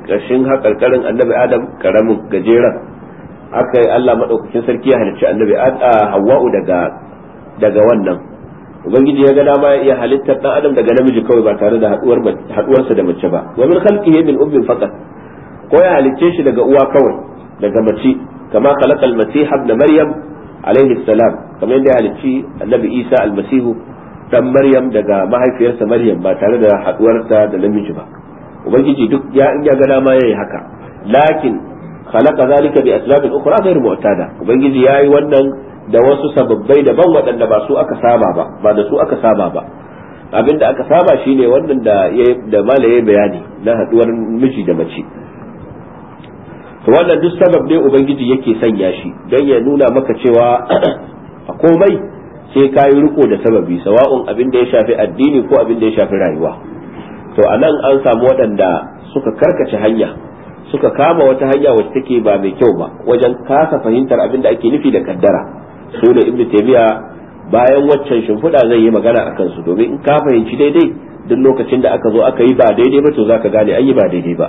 kashin hakarkarin annabi adam karamin gajeren aka yi Allah madaukakin sarki ya halicci annabi hawa daga daga wannan ubangiji ya ga dama ya iya halitta dan adam daga namiji kawai ba tare da haduwar haduwarsa da mace ba wa min khalqihi min ummin faqat ko ya halicce shi daga uwa kawai daga mace kama khalaqa al-masih ibn maryam alayhi salam kamar yadda ya halicci annabi isa al-masih dan maryam daga mahaifiyarsa maryam ba tare da haduwarsa da namiji ba ubangiji duk ya in ya ga dama yayi haka lakin khalaqa zalika bi asbab ukhra ghayr mu'tada ubangiji yayi wannan da wasu sababbai daban waɗanda ba su aka saba ba ba da su aka saba ba abinda aka saba shine wannan da da malaye bayani na haduwar miji da mace wannan duk sabab ne ubangiji yake sanya shi don ya nuna maka cewa [clears throat] a komai sai ka yi riko da sababi sawa'un abin da ya shafi addini ko abin da ya shafi rayuwa to a nan an samu waɗanda suka karkace hanya suka kama wata hanya wacce take ba mai kyau ba wajen kasa fahimtar abin da ake nufi da kaddara su da ibnu taymiya bayan waccan shimfiɗa zai yi magana a kansu domin in ka fahimci daidai duk lokacin da aka zo aka yi ba daidai ba to zaka gane an ba daidai ba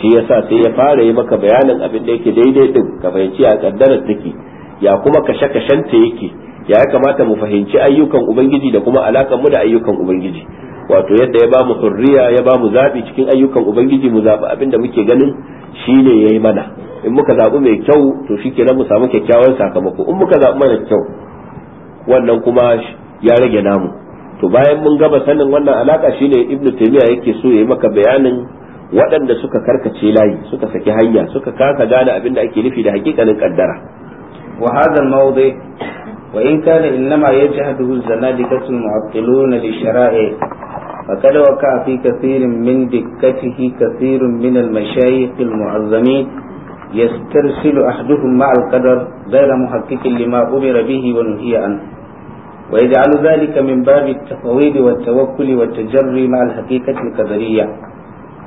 shi yasa sai ya fara yi maka bayanin abin da yake daidai din ka fahimci a kaddarar take ya kuma kashe kashenta yake ya kamata mu fahimci ayyukan ubangiji da kuma alakan mu da ayyukan ubangiji wato yadda ya bamu hurriya ya bamu zabi cikin ayyukan ubangiji mu zabi abin da muke ganin shine yayi mana in muka zabi mai kyau to shikenan mu samu kyakkyawan sakamako in muka zabi mara kyau wannan kuma ya rage namu to bayan mun gaba sanin wannan alaka shine ibnu taymiya yake so yayi maka bayanin waɗanda suka karkace layi suka saki hanya suka kaka gane abin da ake nufi da hakikanin kaddara wa hadha al-mawdi wa in kana innama yajhadu az-zanadiqatu mu'attiluna li shara'i فقد وقع في كثير من دقته كثير من المشايخ المعظمين يسترسل أحدهم مع القدر غير محقق لما أمر به ونهي عنه ويجعل ذلك من باب التفويض والتوكل والتجري مع الحقيقة القدرية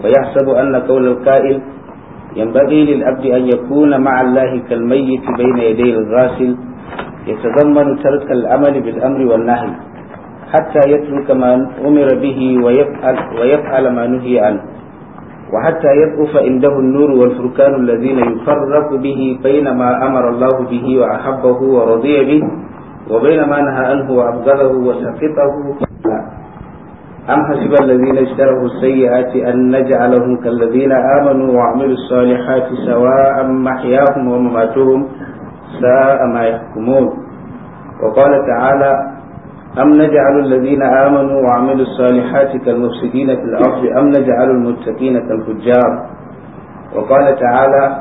ويحسب أن قول القائل ينبغي للعبد أن يكون مع الله كالميت بين يدي الغاسل يتضمن ترك العمل بالأمر والنهي حتى يترك ما أمر به ويفعل, ويفعل ما نهي عنه وحتى يقف عنده النور والفركان الذين يفرق به بين ما أمر الله به وأحبه ورضي به وبين ما نهى عنه وأبغضه وسخطه أم حسب الذين اشتروا السيئات أن نجعلهم كالذين آمنوا وعملوا الصالحات سواء محياهم ومماتهم ساء ما يحكمون وقال تعالى أم نجعل الذين آمنوا وعملوا الصالحات كالمفسدين في الأرض أم نجعل المتقين كالفجار وقال تعالى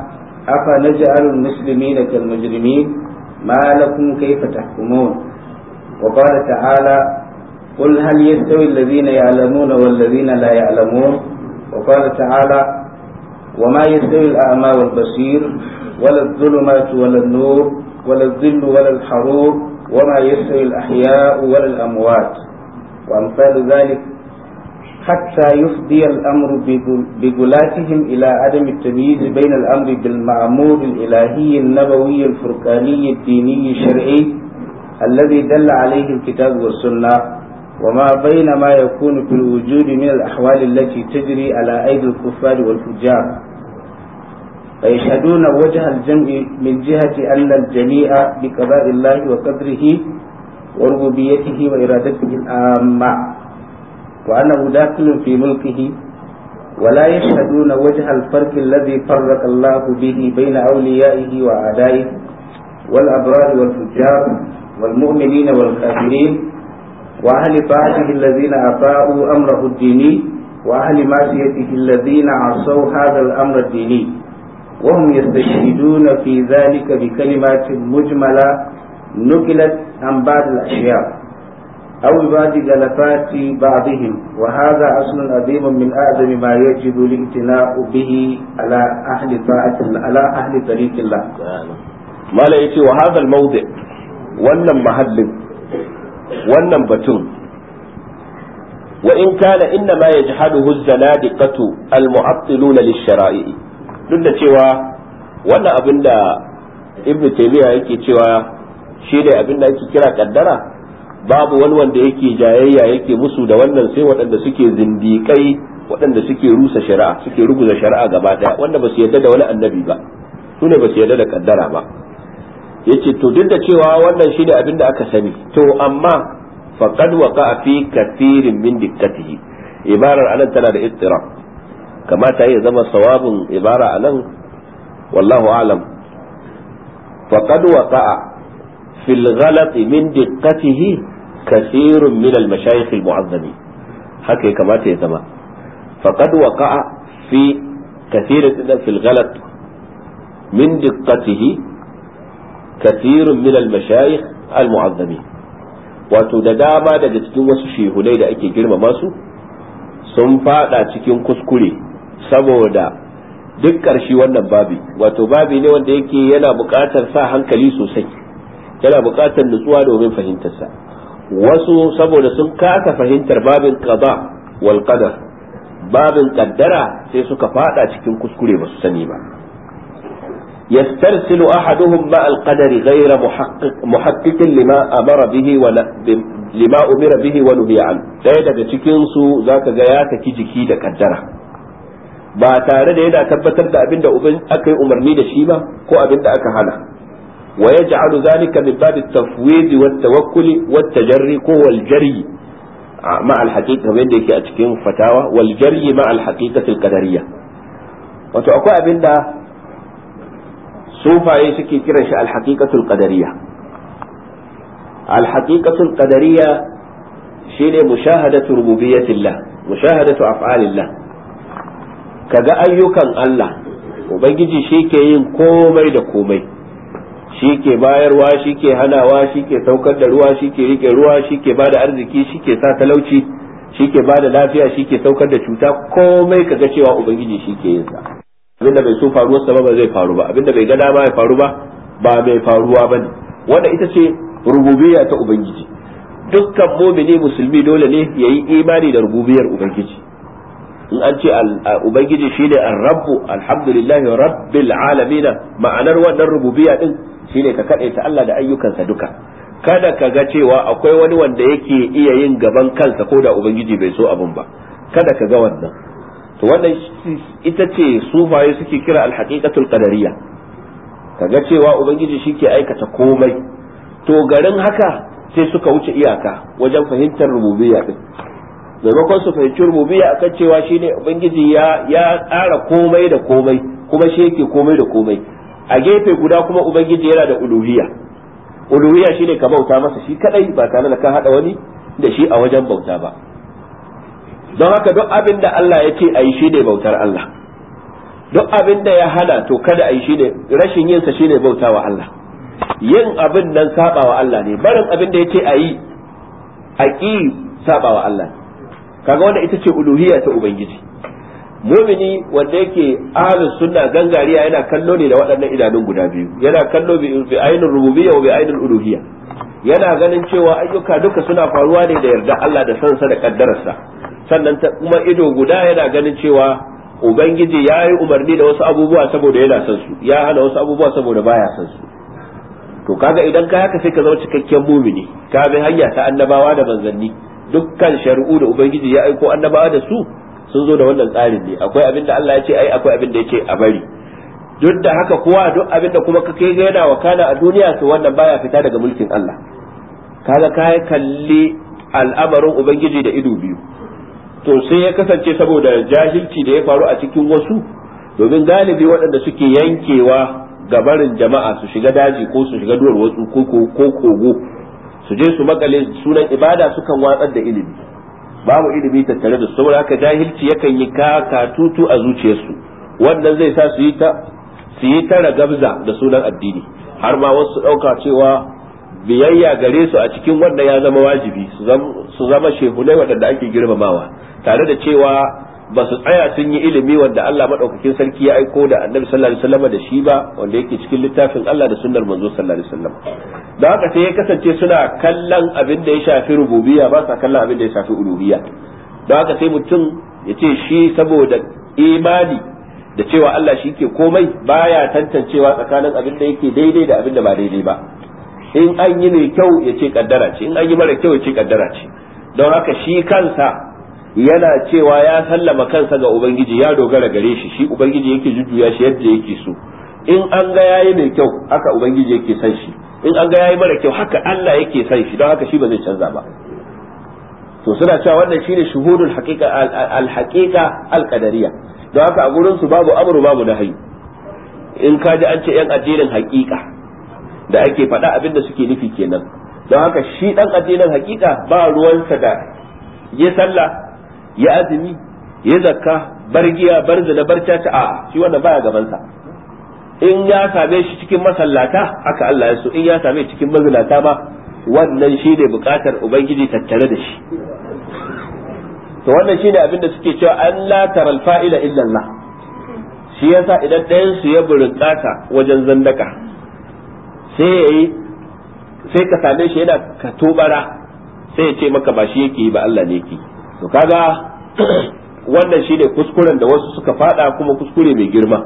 أفنجعل المسلمين كالمجرمين ما لكم كيف تحكمون وقال تعالى قل هل يستوي الذين يعلمون والذين لا يعلمون وقال تعالى وما يستوي الأعمى والبصير ولا الظلمات ولا النور ولا الظل ولا الحرور وما يستوي الأحياء ولا الأموات وأمثال ذلك حتى يفضي الأمر بقلاتهم إلى عدم التمييز بين الأمر بالمعمور الإلهي النبوي الفرقاني الديني الشرعي الذي دل عليه الكتاب والسنة وما بين ما يكون في الوجود من الأحوال التي تجري على أيدي الكفار والفجار فيشهدون وجه الجمع من جهة أن الجميع بقضاء الله وقدره وربوبيته وإرادته العامة وأنه داخل في ملكه ولا يشهدون وجه الفرق الذي فرق الله به بين أوليائه وأعدائه والأبرار والفجار والمؤمنين والكافرين وأهل طاعته الذين أطاعوا أمره الديني وأهل معصيته الذين عصوا هذا الأمر الديني وهم يستشهدون في ذلك بكلمات مجملة نقلت عن بعض الأشياء أو بعض غلفات بعضهم وهذا أصل عظيم من أعظم ما يجب الاعتناء به على أهل طاعة على أهل طريق الله. ما لا يأتي وهذا الموضع ولا محل wannan batun wa in kana inna ma yajhaduhu az-zanadiqatu al-mu'attiluna lish-shara'i duk da cewa wannan abin da ibnu taymiya yake cewa shi ne abin da ake kira kaddara babu wani wanda yake jayayya yake musu da wannan sai waɗanda suke zindiƙai waɗanda suke rusa shari'a suke ruguza shari'a gaba ɗaya wanda ba su yarda da wani annabi ba su ba su yarda da kaddara ba yace to duk da cewa wannan shine abin da aka sani to amma faqad waqa fi kathirin min dikkatihi ibarar anan tana da ittira kamata ya zama sawabin ibara anan wallahu a'lam faqad waqa في الغلط من دقته كثير من المشايخ المعظمين kamata ya zama فقد وقع fi كثير في الغلط من دقته كثير من المشايخ المعظمين wato da dama daga cikin wasu shehunai da ake girmama su sun fada cikin kuskure saboda duk ƙarshe wannan babi wato babi ne wanda yake yana buƙatar sa hankali sosai yana buƙatar nutsuwa domin fahimtarsa wasu saboda sun kasa fahimtar babin qada wal qadar babin kaddara sai suka fada cikin kuskure ba su sani ba يسترسل أحدهم ماء القدر غير محقق, محقق لما أمر به ولا لما أمر به ونهي عنه daga cikinsu za ka ga ya saki jiki da kaddara ba tare da yana tabbatar da abin da aka yi umarni da shi ba ko abin aka hana waya ya ja'alu zalika min babi tafwidi wat tawakkuli wat tajarri ko wal ma al a fatawa sufaye suke kiran shi alhaqiqatul qadariyya ƙadariya qadariyya ne mushahadatu rububiyyatillah mushahadatu af'alillah kaga ayyukan Allah ubangiji shi ke yin komai da komai shi ke bayarwa shi ke hanawa shi ke saukar da ruwa shi ke rike ruwa shi ke bada arziki shi ke sa talauci shi ke bada lafiya shi ke saukar da cuta komai kaga cewa ubangiji shi ke yin sa abinda bai so faruwar sa ba zai faru ba abinda bai ga dama ya faru ba ba mai faruwa ba ne. wanda ita ce rububiyya ta ubangiji dukkan mumini musulmi dole ne ya yi imani da rububiyar ubangiji in an ce ubangiji shine ar-rabbu alhamdulillahi rabbil alamin ma'anar wannan rububiyya din shine ka ta Allah da ayyukansa duka kada ka ga cewa akwai wani wanda yake iya yin gaban kansa ko da ubangiji bai so abun ba kada ka ga wannan to wannan ita ce sufaye suke kira alhaqiqatul qadariyya kaga cewa ubangiji shike aikata komai to garin haka sai suka wuce iyaka wajen fahimtar rububiyya din maimakon su fahimci rububiyya akan cewa shine ubangiji ya ya tsara komai da komai kuma shi yake komai da komai a gefe guda kuma ubangiji yana da uluhiyya uluhiyya shine ka bauta masa shi kadai ba tare da ka hada wani da shi a wajen bauta ba don haka duk abin da Allah ya ce a yi shi ne bautar Allah duk abin da ya hana to kada a yi shi ne rashin yinsa shi ne bauta wa Allah yin abin nan saba Allah ne barin abin da ya ce a yi a ƙi saba wa Allah kaga wanda ita ce uluhiyya ta ubangiji mumini wanda yake ahlus sunna gangariya yana kallo ne da waɗannan idanun guda biyu yana kallo bi ainul rububiyya wa bi ainul uluhiyya yana ganin cewa ayyuka duka suna faruwa ne da yarda Allah da sansa da kaddararsa sannan kuma ido guda yana ganin cewa ubangiji ya yi umarni da wasu abubuwa saboda yana son su ya hana wasu abubuwa saboda baya son su to kaga idan ka haka sai ka zama cikakken mumini ka bi hanya ta annabawa da manzanni dukkan shari'u da ubangiji ya aiko annabawa da su sun zo da wannan tsarin ne akwai abin da Allah ya ce ai akwai abin da ya a bari duk da haka kowa duk abin da kuma kake ga yana wakala a duniya to wannan baya fita daga mulkin Allah kaga ka kalli al'amarin ubangiji da ido biyu to sai ya kasance saboda jahilci da ya faru a cikin wasu domin galibi waɗanda suke yankewa gabarin jama'a su shiga daji ko su shiga duwar wasu ko kogo su je su makale sunan ibada sukan watsar da ilimi babu ilimi tattare da su saboda haka jahilci yakan yi kaka tutu a zuciyarsu wannan zai sa su yi ta su yi tara gabza da sunan addini har ma wasu ɗauka cewa biyayya gare su a cikin wanda ya zama wajibi su su zama shehunai waɗanda ake girmamawa tare da cewa ba su tsaya sun yi ilimi wanda Allah maɗaukakin sarki ya aiko da Annabi sallallahu alaihi wasallam da shi ba wanda yake cikin littafin Allah da sunnar manzo sallallahu alaihi wasallam don haka sai ya kasance suna kallon abin da ya shafi rububiyya ba sa kallon abin da ya shafi uluhiyya don haka sai mutum ya ce shi saboda imani da cewa Allah shi ke komai baya tantancewa tsakanin abin da yake daidai da abin da ba daidai ba in an yi ne kyau ya ce kaddara ce in an yi mara kyau ya ce kaddara ce don haka shi kansa yana cewa ya sallama kansa ga ubangiji ya dogara gare shi shi ubangiji yake jujjuya shi yadda yake so in an ga yayi mai kyau haka ubangiji yake san shi in an ga yayi mara kyau haka Allah yake san shi don haka shi ba zai canza ba to suna cewa wannan shine shuhudul haqiqa al haqiqa al qadariyya don haka a gurin su babu amru babu nahyi in ka ji an ce yan addinin haqiqa da ake faɗa abin da suke nufi kenan don haka shi dan addinin hakika ba ruwansa da ya sallah ya azumi ya zakka bar giya da zina bar a shi wanda baya gabansa in ya same shi cikin masallata haka Allah ya so in ya same cikin mazinata ba wannan shi ne bukatar ubangiji tattare da shi to wannan shi ne abin da suke cewa an la taral fa'ila illa Allah shi yasa idan ɗayan su ya burin wajen zandaka sai yayi sai ka same shi yana ka tobara sai ya ce maka ba shi yake yi ba Allah ne yake to kaga [clears throat] wannan shine kuskuren da wasu suka fada kuma kuskure mai girma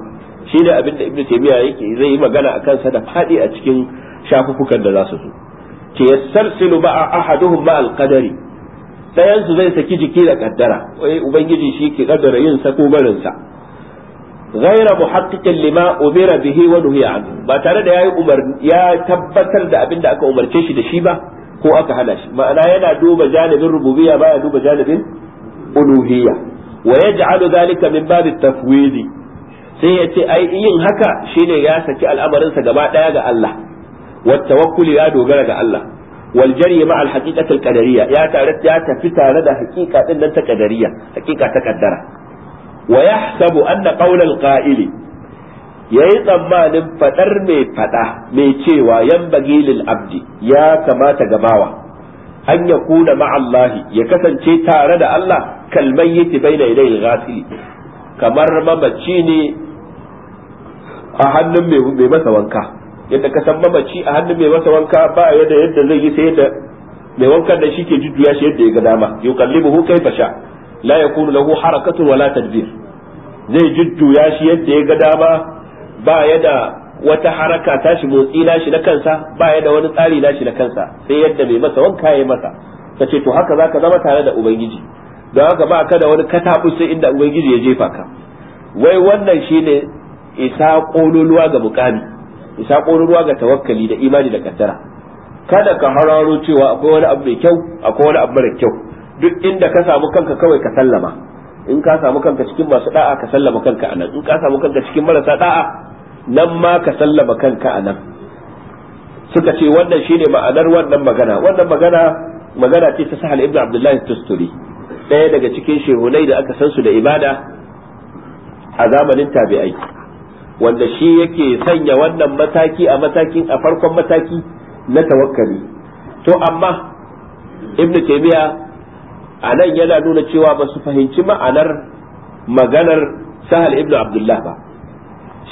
shine abin da Ibn Taymiyyah yake zai yi magana akan sa da fadi a cikin shafuffukan da za su zo ke yassarsilu ba ahaduhum ma qadari dayan zai saki jiki da kaddara wai ubangiji shi ke kaddara yin sa ko barin sa ghaira muhaqqiqin lima obera bihi wa nuhiya ba tare da yayi ya tabbatar da abinda aka umarce shi da shi ba ko aka hana shi ma'ana yana duba janibin rububiyya baya duba janibin uluhiyya wa yaj'alu dhalika min bab at-tafwid sai yace ce ai yin haka shine ya saki al'amarinsa gaba daya ga Allah wa wakuli ya dogara ga Allah wal jari ma al haqiqati al ya tafi tare da haqiqa din nan ta qadariyya haqiqa ta qaddara wa yahsabu anna qawla qaili yayi tsammanin fadar mai fada mai cewa yan bagilil abdi ya kamata gabawa an ya kuna ma'allahi ya kasance tare da Allah kalmai yi bai da ilai ghasili kamar mamaci ne a hannun mai masa wanka yadda kasan mamaci a hannun mai masa wanka ba yadda yadda zai yi sai da mai wanka da shi ke jujjuya shi yadda ya ga dama kai kayfa sha la yakunu lahu harakatun wala tadbir zai jujjuya shi yadda ya ga dama ba ya da wata haraka tashi motsi na shi na kansa ba ya da wani tsari na shi na kansa sai yadda mai masa wanka ya masa ce to haka zaka zama tare da ubangiji don haka ba ka da wani katabu sai inda ubangiji ya jefa ka wai wannan shine isa kololuwa ga mukami isa kololuwa ga tawakkali da imani da kaddara kada ka hararo cewa akwai wani abu mai kyau akwai wani abu mara kyau duk inda ka samu kanka kawai ka sallama in ka samu kanka cikin masu da'a ka sallama kanka a nan in ka samu kanka cikin marasa da'a nan ma ka sallama kanka a nan suka ce wannan shine ma'anar wannan magana wannan magana magana ce ta sahal ibn abdullahi tusturi ɗaya daga cikin shehunai da aka san su da ibada a zamanin tabi'ai wanda shi yake sanya wannan mataki a matakin a farkon mataki na tawakkali to amma ibn taymiya a nan yana nuna cewa ba su fahimci ma'anar maganar sahal ibnu abdullah ba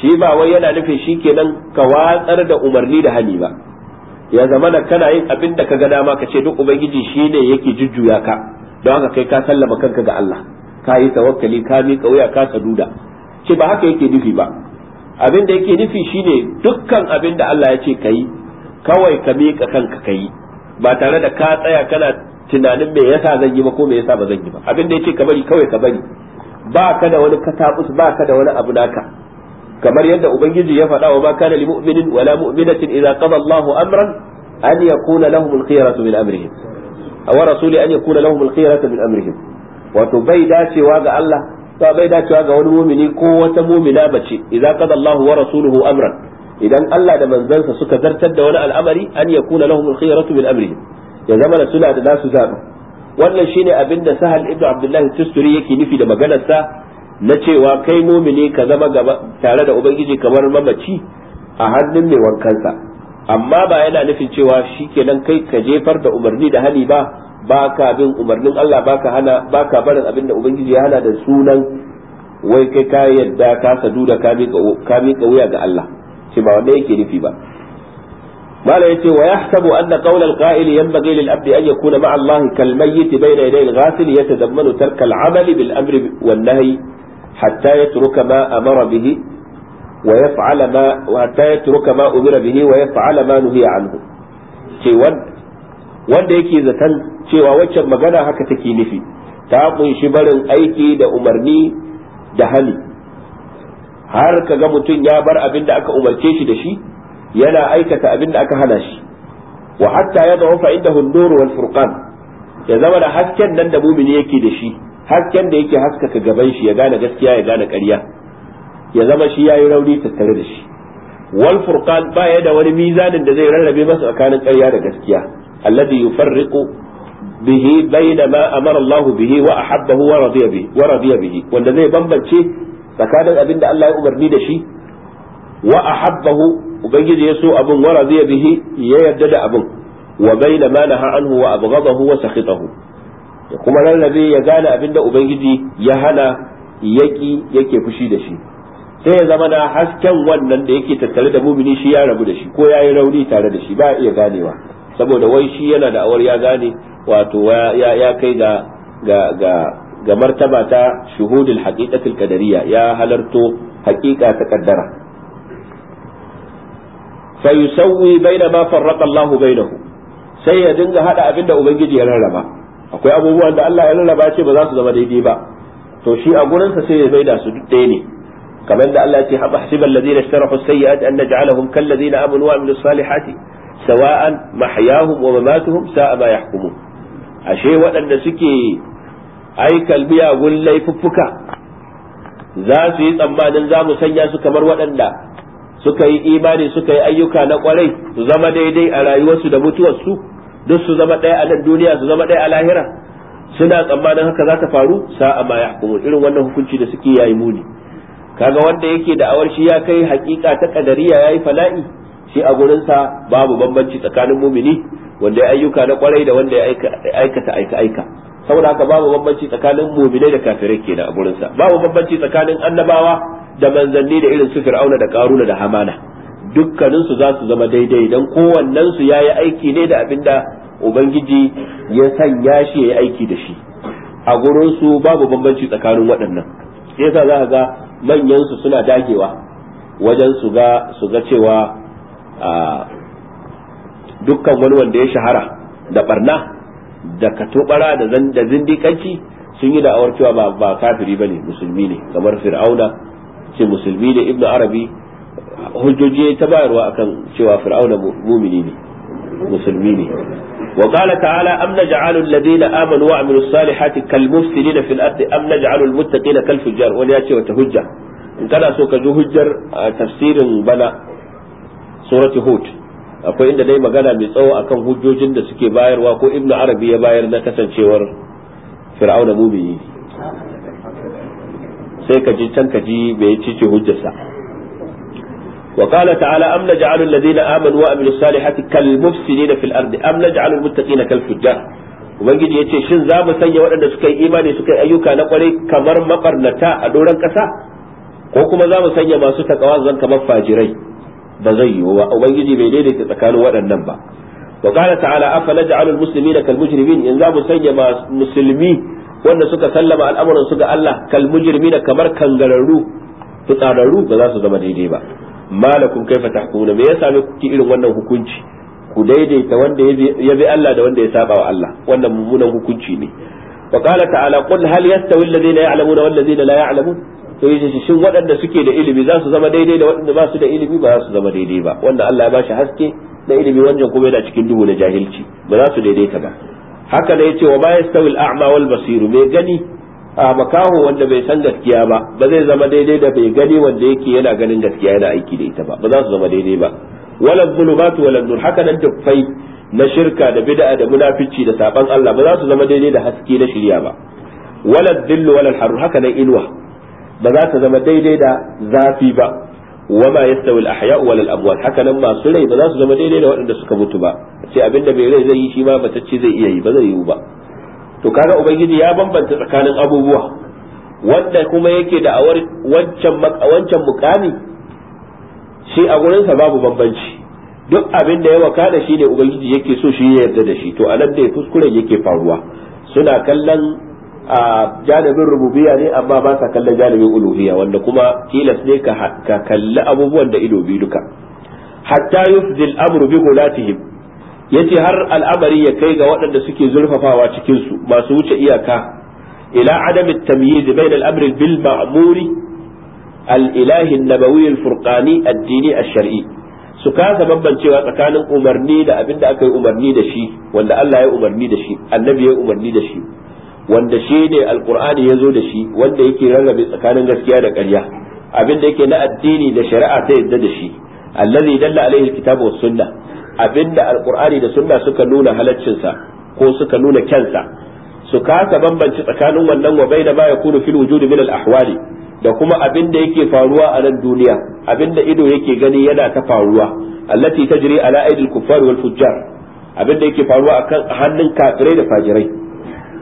shi ba wai yana nufin shi kenan ka watsar da umarni da hali ba ya zama da kana yin abin da ka ga dama ka ce duk ubangiji shi ne yake jujjuya ka don haka kai ka sallama kanka ga Allah ka yi tawakkali ka miƙa wuya ka saduda ce ba haka yake nufi ba abin da yake nufi shine dukkan abin da Allah ya ce ka yi kawai ka miƙa kanka ka yi ba tare da ka tsaya kana tunanin me yasa zan yi ba ko me yasa ba zan yi ba abin da yace ka bari kawai ka bari ba ka da wani katabus ba ka da wani abu naka kamar yadda ubangiji ya faɗa wa ba kana lil mu'minin wala mu'minatin idza qada Allahu amran an yakuna lahum al-khiyaratu min amrihim wa rasuli an yakuna lahum al-khiyaratu min amrihim wato bai dacewa ga Allah ba bai dacewa ga wani mumini ko wata mumina bace idza qada Allahu wa rasuluhu amran idan Allah da manzansa suka zartar da wani al'amari an yakuna lahum al-khiyaratu min amrihim ya zama da suna da nasu zaɓi wannan shine abin da sahal ibnu abdullah tusturi yake nufi da maganarsa na cewa kai mumini ka zama tare da ubangiji kamar mamaci a hannun mai wankansa amma ba yana nufin cewa shi kenan kai ka jefar da umarni da hali ba ba ka bin umarnin Allah ba ka hana ba barin abin da ubangiji ya hana da sunan wai kai ka yadda ka sadu da ka miƙa wuya ga Allah shi ba wanda yake nufi ba mala yace wa yahsabu anna qawl al-qa'il yanbaghi lil-abd an yakuna ma'a Allah kal-mayyit bayna yaday al-ghasil yatadammanu tarka al-'amali bil-amr wan-nahy hatta yatruka ma amara bihi wa yaf'ala ma wanda yake zaton cewa waccan magana haka take nufi ta kunshi barin aiki da umarni da hali har kaga mutum ya bar abin da aka umarce shi da shi yana aikata abin da aka hana shi wa hatta ya zama fa inda hundur wal furqan ya zama da hasken nan da mumini yake da shi hasken da yake haskaka gaban shi ya gane gaskiya ya gane ƙarya ya zama shi yayi rauni tattare da shi wal furqan ba ya da wani mizanin da zai rarrabe masa tsakanin ƙarya da gaskiya alladhi yufarriqu bihi bayna ma amara Allah bihi wa ahabbahu wa radiya bihi wa radiya bihi wanda zai bambance tsakanin abin da Allah ya umarni da shi wa ahabbahu ubangiji ya so abin wa radiya bihi ya yarda da abin wa baina ma naha anhu wa abghadahu wa sakhitahu da kuma rarrabe ya gane abin da ubangiji ya hana yaki yake fushi da shi sai ya zama na hasken wannan da yake tattare da mumini shi ya rabu da shi ko ya yi rauni tare da shi ba iya ganewa saboda wai shi yana da awar ya gane wato ya kai ga ga ga ga martaba ta shuhudul haqiqatul qadariyya ya halarto haqiqa ta fa yusawwi baina ma farraqa Allahu bainahu sai ya dinga hada abinda ubangiji ya rarraba akwai abubuwan da Allah ya rarraba ce ba za su zama daidai ba to shi a gurin sa sai ya maida su duk ɗaya ne kamar da Allah ya ce haba hasiban ladina ishtarahu sayyi'ati an naj'alahum kal ladina amanu wa amilus salihati sawa'an mahyahum wa mamatuhum sa'a ma yahkumun ashe waɗanda suke aikal miyagun laifuffuka za su yi tsammanin za mu sanya su kamar waɗanda suka yi imani suka yi ayyuka na kwarai su zama daidai a rayuwarsu da mutuwarsu duk su zama ɗaya a nan duniya su zama ɗaya a lahira suna tsammanin haka za ta faru sa'a ma ya irin wannan hukunci da suke yayi muni kaga wanda yake da shi ya kai hakika ta kadariya yayi fala'i shi a gurinsa babu bambanci tsakanin mumini wanda ya ayyuka na kwarai da wanda ya aikata aika aika saboda haka babu bambanci tsakanin muminai da kafirai kenan a gurinsa babu bambanci tsakanin annabawa da manzanni da irin su fir'auna da karuna da hamana dukkaninsu za su zama daidai don kowannen ya yi aiki ne da abin da ubangiji ya sanya shi ya yi aiki da shi a su babu bambanci tsakanin waɗannan yasa za ka ga manyansu suna dagewa wajen su ga su ga cewa dukkan wani wanda ya shahara da barna da katobara da zindikanci sun yi da'awar cewa ba kafiri ba ne musulmi ne kamar fir'auna ce musulmi ne ibnu arabi hujjoji ta bayarwa akan cewa fir'auna mumini ne musulmi ne wa qala ta'ala am naj'alu alladhina amanu wa amilu salihati kal mufsidina fil ardi am naj'alu al muttaqina kal fujjar wani ya ce wata hujja in kana so ka ji hujjar tafsirin bana surati hud akwai inda dai magana mai tsawo akan hujjojin da suke bayarwa ko ibnu arabi ya bayar na kasancewar fir'auna mumini sai ka ji can ka ji bai ci ce hujjarsa وقال تعالى أم نجعل الذين آمنوا وعملوا الصالحات كالمفسدين في الأرض أم نجعل المتقين كالفجار ubangiji ya shin zamu sanya waɗanda suka yi imani suka yi ayyuka na kwarai kamar mabarnata a doron ƙasa ko kuma za sanya masu takawa zan kamar fajirai ba zai yiwu ba ubangiji bai daidaita tsakanin waɗannan ba wa qala ta'ala in za mu sanya musulmi wanda suka sallama al'amuransu ga Allah kal da kamar kangararru fitsararru ba za su zama daidai ba malakum kaifa tahkumuna me yasa ne kuke irin wannan hukunci ku daidaita wanda ya bi Allah da wanda ya saba wa Allah wannan mummunan hukunci ne wa qala ta'ala qul hal yastawi alladhina ya'lamuna wal ladina la ya'lamun to yace shin waɗanda suke da ilimi za su zama daidai da waɗanda ba su da ilimi ba za su zama daidai ba wanda Allah ya bashi haske na ilimi wancan kuma yana cikin duhu da jahilci ba za su daidaita ba haka ne yace wa ma yastawi al-a'ma wal basir bai gani a makaho wanda bai san gaskiya ba ba zai zama daidai da bai gani wanda yake yana ganin gaskiya yana aiki da ita ba ba za su zama daidai ba wala dhulumatu wala nur haka nan dukkai na shirka da bid'a da munafici da saban Allah ba za su zama daidai da haske na shirya ba wala dillu walal haru haka nan inwa ba za ta zama daidai da zafi ba wa ma yastawi al-ahya wal al-amwat haka nan masu rai ba za su zama daidai da waɗanda suka mutu ba ce abinda bai rai zai yi shi ma tacce zai iya yi ba zai yiwu ba to kaga ubangiji ya bambanta tsakanin abubuwa wanda kuma yake da awar wancan wancan mukami shi a wurinsa babu bambanci duk abinda da ya da shi ne ubangiji yake so shi ya yarda da shi to anan ne kuskuren yake faruwa suna kallon a jalibin rububiya ne amma ba sa kallon janibin uluhiya wanda kuma tilas ne ka kalli abubuwan da ido biyu duka hatta yufdil al-amru bi gulatihim yace har al'amari ya kai ga waɗanda suke zurfafawa cikin su masu wuce iyaka ila adam at-tamyiz bain al-amr bil ma'muri al-ilahi an-nabawi al-furqani ad-dini ash-shar'i su kasa bambancewa tsakanin umarni da abinda aka yi umarni da shi wanda Allah ya umarni da shi annabi ya umarni da shi wanda shi ne alkur'ani ya zo da shi wanda yake rarrabe tsakanin gaskiya da ƙarya abin da yake na addini da shari'a ta yadda da shi allazi dalla alaihi alkitabu was sunna abin da alkur'ani da sunna suka nuna halaccinsa ko suka nuna kyansa su kasa bambanci tsakanin wannan wa baina ma yakunu fil wujudi min al ahwali da kuma abin da yake faruwa a nan duniya abin da ido yake gani yana ta faruwa allati tajri ala aidil kuffar wal fujjar abin da yake faruwa akan hannun kafirai da fajirai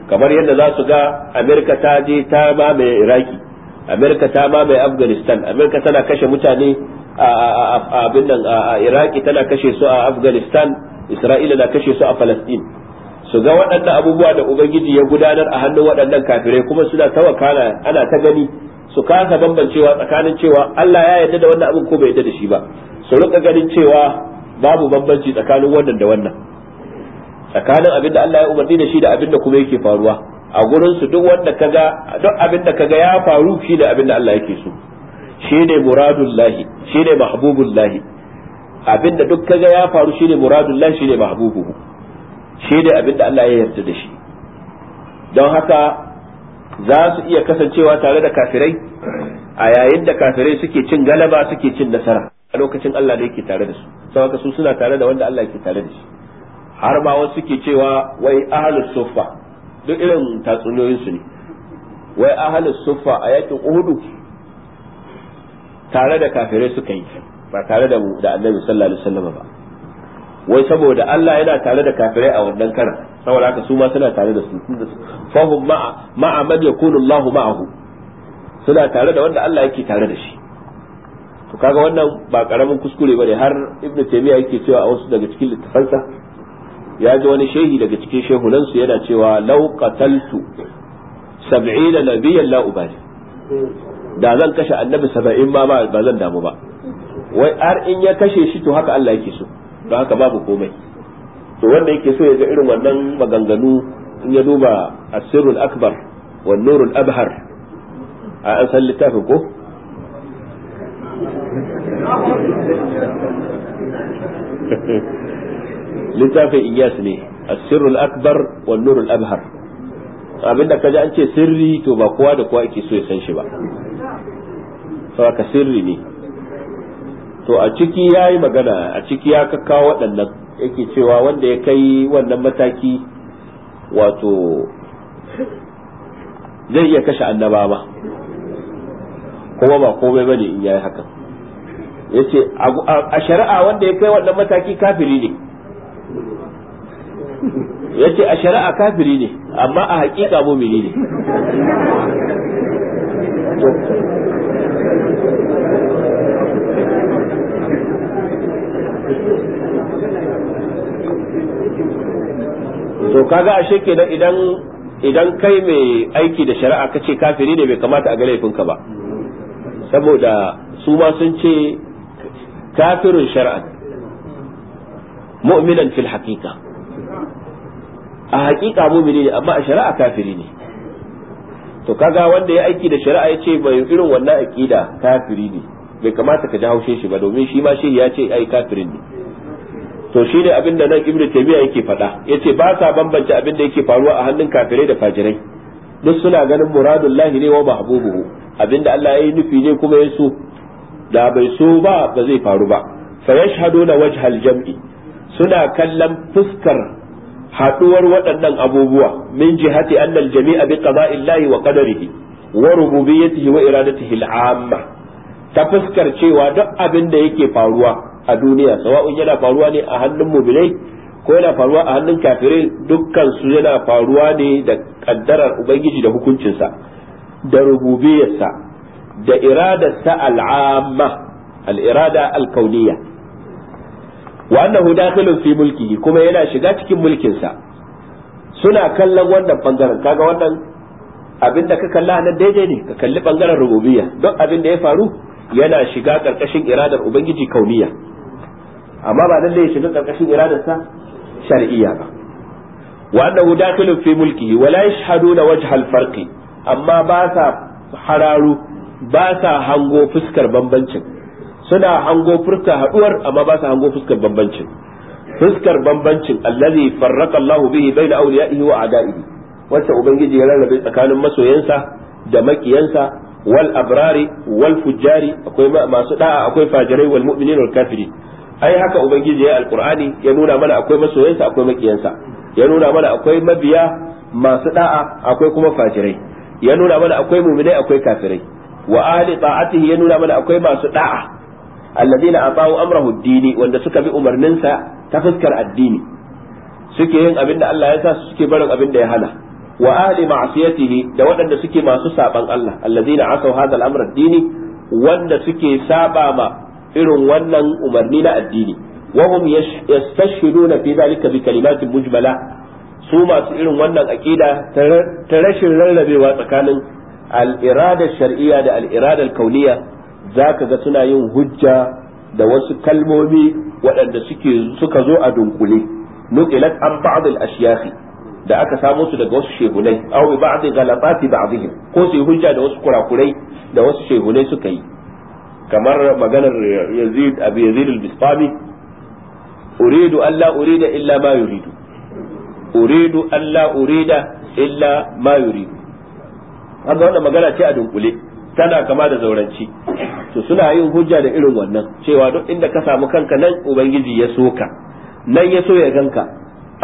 kamar yadda za su ga amerika ta je ta mamaye iraki amerika ta mamaye afghanistan amerika tana kashe mutane a a iraki tana kashe su a afghanistan isra'ila na kashe su a falastin su ga waɗannan abubuwa da ubangiji ya gudanar a hannun waɗannan kafirai kuma suna tawakana ana ta gani su kasa bambancewa tsakanin cewa Allah ya yarda da wannan abin ko bai yarda da shi ba su rika ganin cewa babu bambanci tsakanin wannan da wannan tsakanin abin da Allah ya umarni da shi da abin da kuma yake faruwa a gurin su duk wanda kaga duk abin da kaga ya faru shi da abin da Allah yake so Shi shine muradullahi ne mahbubullahi abin da duk kaga ya faru shi lahi, muradullahi ne mahbubuhu ne abin da Allah ya yarda da shi don haka za su iya kasancewa tare da kafirai a yayin da kafirai suke cin galaba suke cin nasara a lokacin Allah da yake tare da su saboda su suna tare da wanda Allah yake tare da shi har ba wasu suke cewa wai ahlus suffa duk irin tatsuniyoyin su ne wai ahlus suffa a yakin uhudu tare da kafirai suka yi ba tare da da annabi sallallahu alaihi wasallam ba wai saboda Allah yana tare da kafirai a wannan kara saboda haka su ma suna tare da su fahum ma'a ma'a man yakunu Allah ma'ahu suna tare da wanda Allah yake tare da shi to kaga wannan ba karamin kuskure bane har ibnu taymiya yake cewa a wasu daga cikin littafansa ya ji wani shehi daga cikin shehulansu yana cewa law qataltu sab'ina nabiyyan la ubali da zan kashe annabi saba'in ma ba zan damu ba wai har in ya kashe shi to haka Allah yake so don haka babu komai to wanda yake so ya ga irin wannan maganganu in ya duba asirul akbar wa nurul abhar a an san littafin ko [laughs] littafin iyas ne asirul akbar wan nurul abhar abinda kaji an ce sirri to ba kowa da kowa yake so ya san shi ba saboda sirri ne to a ciki yayi magana a ciki ya kawo waɗannan yake cewa wanda ya kai wannan mataki wato zai iya kashe annaba ba kuma ba komai bane in yayi hakan yace a shari'a wanda ya kai wannan mataki kafiri ne yace a shari'a kafiri ne amma a haƙiƙa mumini ne to kaga ashe kenan idan idan kai mai aiki da shari'a kace kafiri ne bai kamata a ga laifinka ba saboda su ma sun ce kafirin shari'a mu'minan fil haqiqa a hakika mumini ne amma a shari'a kafiri ne to kaga wanda ya aiki da shari'a ya ce bai irin wannan aqida kafiri ne bai kamata ka ji haushe shi ba domin shi ma shi ya ce ai kafirin ne to shi ne abinda nan ibnu taymiya yake faɗa yace ba sa bambance abinda yake faruwa a hannun kafirai da fajirai duk suna ganin muradun lahi ne wa mahbubuhu abinda Allah ya yi nufi ne kuma ya so da bai so ba ba zai faru ba fa yashhaduna wajhal jam'i suna kallon fuskar haɗuwar waɗannan abubuwa min jihati annal jami'a bi qada'illahi wa qadarihi wa rububiyyatihi wa iradatihi al'amma ta fuskar cewa duk abin da yake faruwa a duniya sawa'un yana faruwa ne a hannun mu'minai ko yana faruwa a hannun kafirai dukkan su yana faruwa ne da kaddarar ubangiji da hukuncinsa da rububiyarsa da iradarsa al'amma al-irada al-kauniyya wa hu dakhilun fi mulkihi kuma yana shiga cikin mulkin sa suna kallon wannan bangaren kaga wannan abinda ka kalla nan daidai ne ka kalli bangaren rububiyya duk abin da ya faru yana shiga karkashin iradar ubangiji kauniya amma ba da ya shiga karkashin iradar sa shar'iyya ba wa hu dakhilun fi mulkihi wa la yashhaduna wajha al-farqi amma ba sa hararu ba sa hango fuskar bambancin suna hango furta haduwar amma ba su hango fuskar bambancin fuskar bambancin allazi farraka Allah bihi baina awliyaihi wa a'da'ihi wacce ubangiji ya rarrabe tsakanin masoyansa da makiyansa wal abrari wal fujjari akwai masu da'a akwai fajirai wal mu'minin wal kafirin ai haka ubangiji ya alqur'ani ya nuna mana akwai masoyansa akwai makiyansa ya nuna mana akwai mabiya masu da'a akwai kuma fajirai ya nuna mana akwai mu'minai akwai kafirai wa ahli ta'atihi ya nuna mana akwai masu da'a alladhina ata'u amrahu ad wanda suka bi umarninsa ta fuskar addini suke yin abin da Allah ya sa su suke barin abin da ya hana wa ahli ma'siyatihi da waɗanda suke masu saban Allah alladhina asaw hadha al-amr ad-dini wanda suke saba ma irin wannan umarni na addini wa hum yastashhiduna fi dhalika bi kalimatin mujmala su masu irin wannan aƙida ta rashin rarrabewa tsakanin al'irada shar'iyya da al'irada kauniya za ka ga suna yin hujja da wasu kalmomi waɗanda suka zo a dunkule nukilat an ba'd ashiyafi da aka samo su daga wasu shehunai aw bi ba'd ghalatati ba'dihim ko su hujja da wasu kurakurai da wasu shehunai suka yi kamar maganar Yazid a Yazid al-Bistami uridu alla urida illa ma yuridu uridu alla urida illa ma yuridu haka wannan magana ce a dunkule tana kama da zauranci to suna yin hujja da irin wannan cewa duk inda ka samu kanka nan ubangiji ya so ka nan ya so ya ganka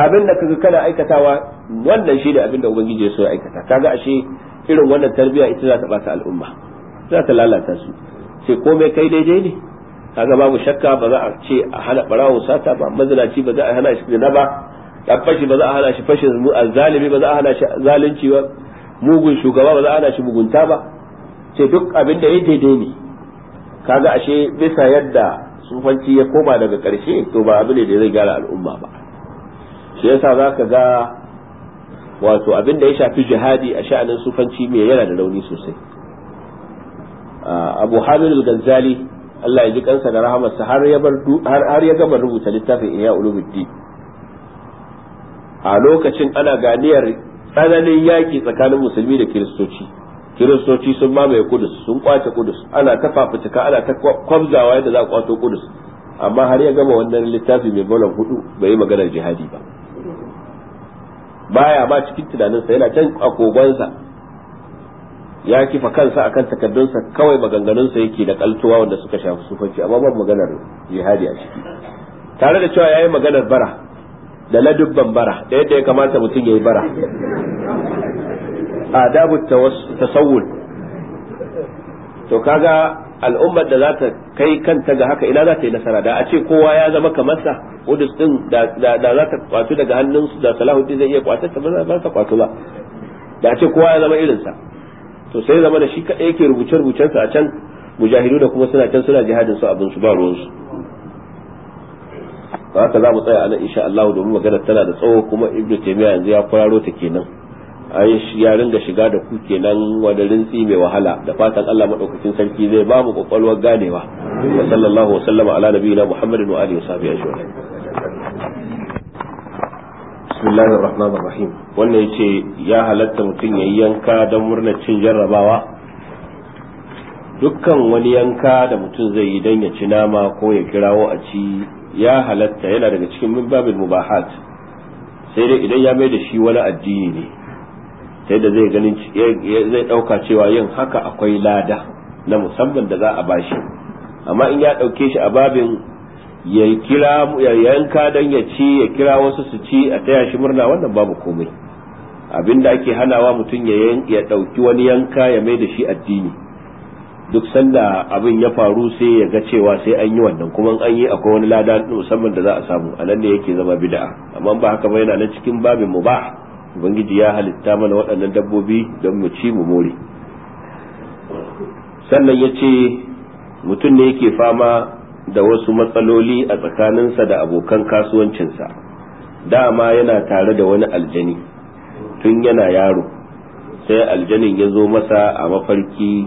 abin da kaga kana aikatawa wannan shi da abin da ubangiji ya so ya aikata kaga ashe irin wannan tarbiya ita za ta ta al'umma za ta lalata su sai komai kai daidai ne kaga babu shakka ba za a ce a hana barawo sata ba mazalaci ba za a hana shi da ba fashi ba za a hana shi fashin zalimi ba za a hana shi zalunci ba mugun shugaba ba za a hana shi mugunta ba sai duk abin da ya daidai ne kaga ashe bisa yadda sufanci ya koma daga ƙarshe to ba abu ne da zai gyara al'umma ba shi yasa za ka ga wato abin da ya shafi jihadi a sha'anin sufanci mai yana da launi sosai abu hamid ganzali Allah ya ji kansa da rahamarsa har ya gama rubuta littafin iya ulubuddi a lokacin ana ganiyar tsananin yaƙi tsakanin musulmi da kiristoci kiristoci sun mamaye kudus sun kwace kudus ana ta fafutuka ana ta kwamzawa yadda za a kwato kudus amma har ya gama wannan littafi mai bolon hudu bai yi maganar jihadi ba baya ba cikin tunaninsa yana can kogonsa, ya kifa kansa akan takardunsa kawai maganganunsa yake da kaltuwa wanda suka shafi sufanci amma ban maganar jihadi a ciki tare da cewa ya yi maganar bara da ladubban bara da yadda ya kamata mutum ya yi bara adabu tasawul to kaga al'ummar da za ta kai kanta ga haka ina za ta yi nasara da a ce kowa ya zama kamar sa Udus din da za ta kwatu daga hannun su da Salahuddin zai iya kwato ta ba ta kwatu ba da a ce kowa ya zama irin sa to sai zama da shi kadai yake rubuce rubucen sa a can mujahidu da kuma suna can suna jihadin su abin su ba ruwan su haka za mu tsaya a nan insha Allah domin magana tana da tsawo kuma Ibn taymiya yanzu ya kwararo ta kenan ai ya rinda shiga da ku kenan wani rintsi mai wahala da fatan Allah madaukakin sarki zai ba mu kokwalwar ganewa wa sallallahu wa sallama ala nabiyina muhammadin wa alihi wa ajma'in bismillahir rahmanir rahim wannan yace ya halatta mutum yayi yanka don murnar cin jarrabawa dukkan wani yanka da mutum zai yi don ya ci nama ko ya kirawo a ci ya halatta yana daga cikin min mubahat sai dai idan ya mai da shi wani addini ne sai da zai ganin zai dauka cewa yin haka akwai lada na musamman da za a bashi amma in ya dauke shi a babin ya kira ya yanka dan ya ci ya kira wasu su ci a taya shi murna wannan babu komai abinda ake hanawa mutum ya ya dauki wani yanka ya mai da shi addini duk sanda abin ya faru sai ya ga cewa sai an yi wannan kuma an yi akwai wani lada musamman da za a samu a nan ne yake zama bid'a amma ba haka ba yana nan cikin babin mubah ubangiji ya halitta mana waɗannan dabbobi don mu ci mu more sannan ya ce mutum ne yake fama da wasu matsaloli a tsakaninsa da abokan kasuwancinsa dama yana tare da wani aljani tun yana yaro sai aljanin ya zo masa a mafarki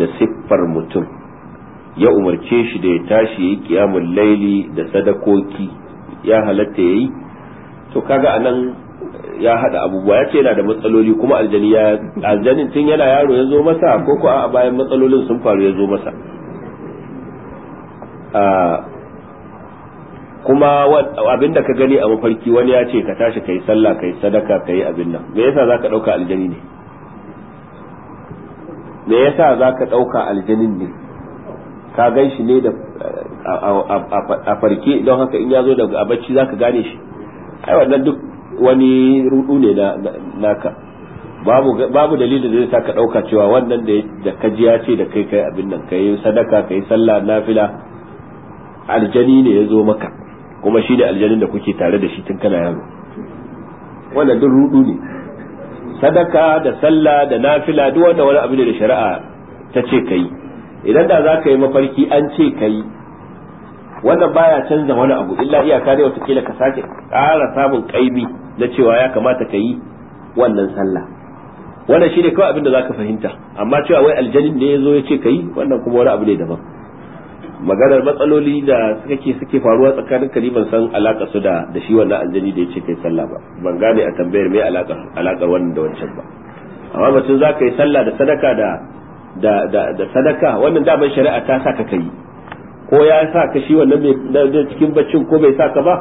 da siffar mutum ya umarce shi da ya tashi ya yi kiyamun laili da sadakoki ya halatta ya yi to kaga anan ya hada abubuwa ya ce yana da matsaloli kuma aljani ya aljanin tun yana yaro ya zo masa ko ko a bayan matsalolin sun faru ya zo masa kuma abin da ka gani a mafarki wani ya ce ka tashi kai sallah kai sadaka kai abin nan me yasa zaka dauka aljani ne me yasa zaka dauka aljanin ne ka gan ne da a farke don haka in ya zo daga abacci zaka gane shi ai wannan duk wani rudu ne na naka babu babu dalilin da zai saka dauka cewa wannan da da kaji ya ce da kai kai abin nan kai sadaka kai sallah nafila aljani ne ya zo maka kuma shi ne aljanin da kuke tare da shi tun kana yaro wannan duk rudu ne sadaka da sallah da nafila duk wanda wani abu ne da shari'a ta ce kai idan da za ka yi mafarki an ce kai wannan baya canza wani abu illa iyaka wata watakila ka sake ƙara samun kaimi na cewa ya kamata ka yi wannan sallah wannan shi ne kawai abin da za ka fahimta amma cewa wai aljanin da ya zo ya ce ka yi wannan kuma wani abu ne daban maganar matsaloli da suka ke suke faruwa tsakanin kaliman san alaka su da da shi wannan aljani da ya ce kai sallah ba ban gane a tambayar me alaƙa wannan da wancan ba amma mutum za ka yi sallah da sadaka da da da, sadaka wannan daman shari'a ta saka yi. ko ya sa ka shi wannan mai cikin baccin ko bai sa ka ba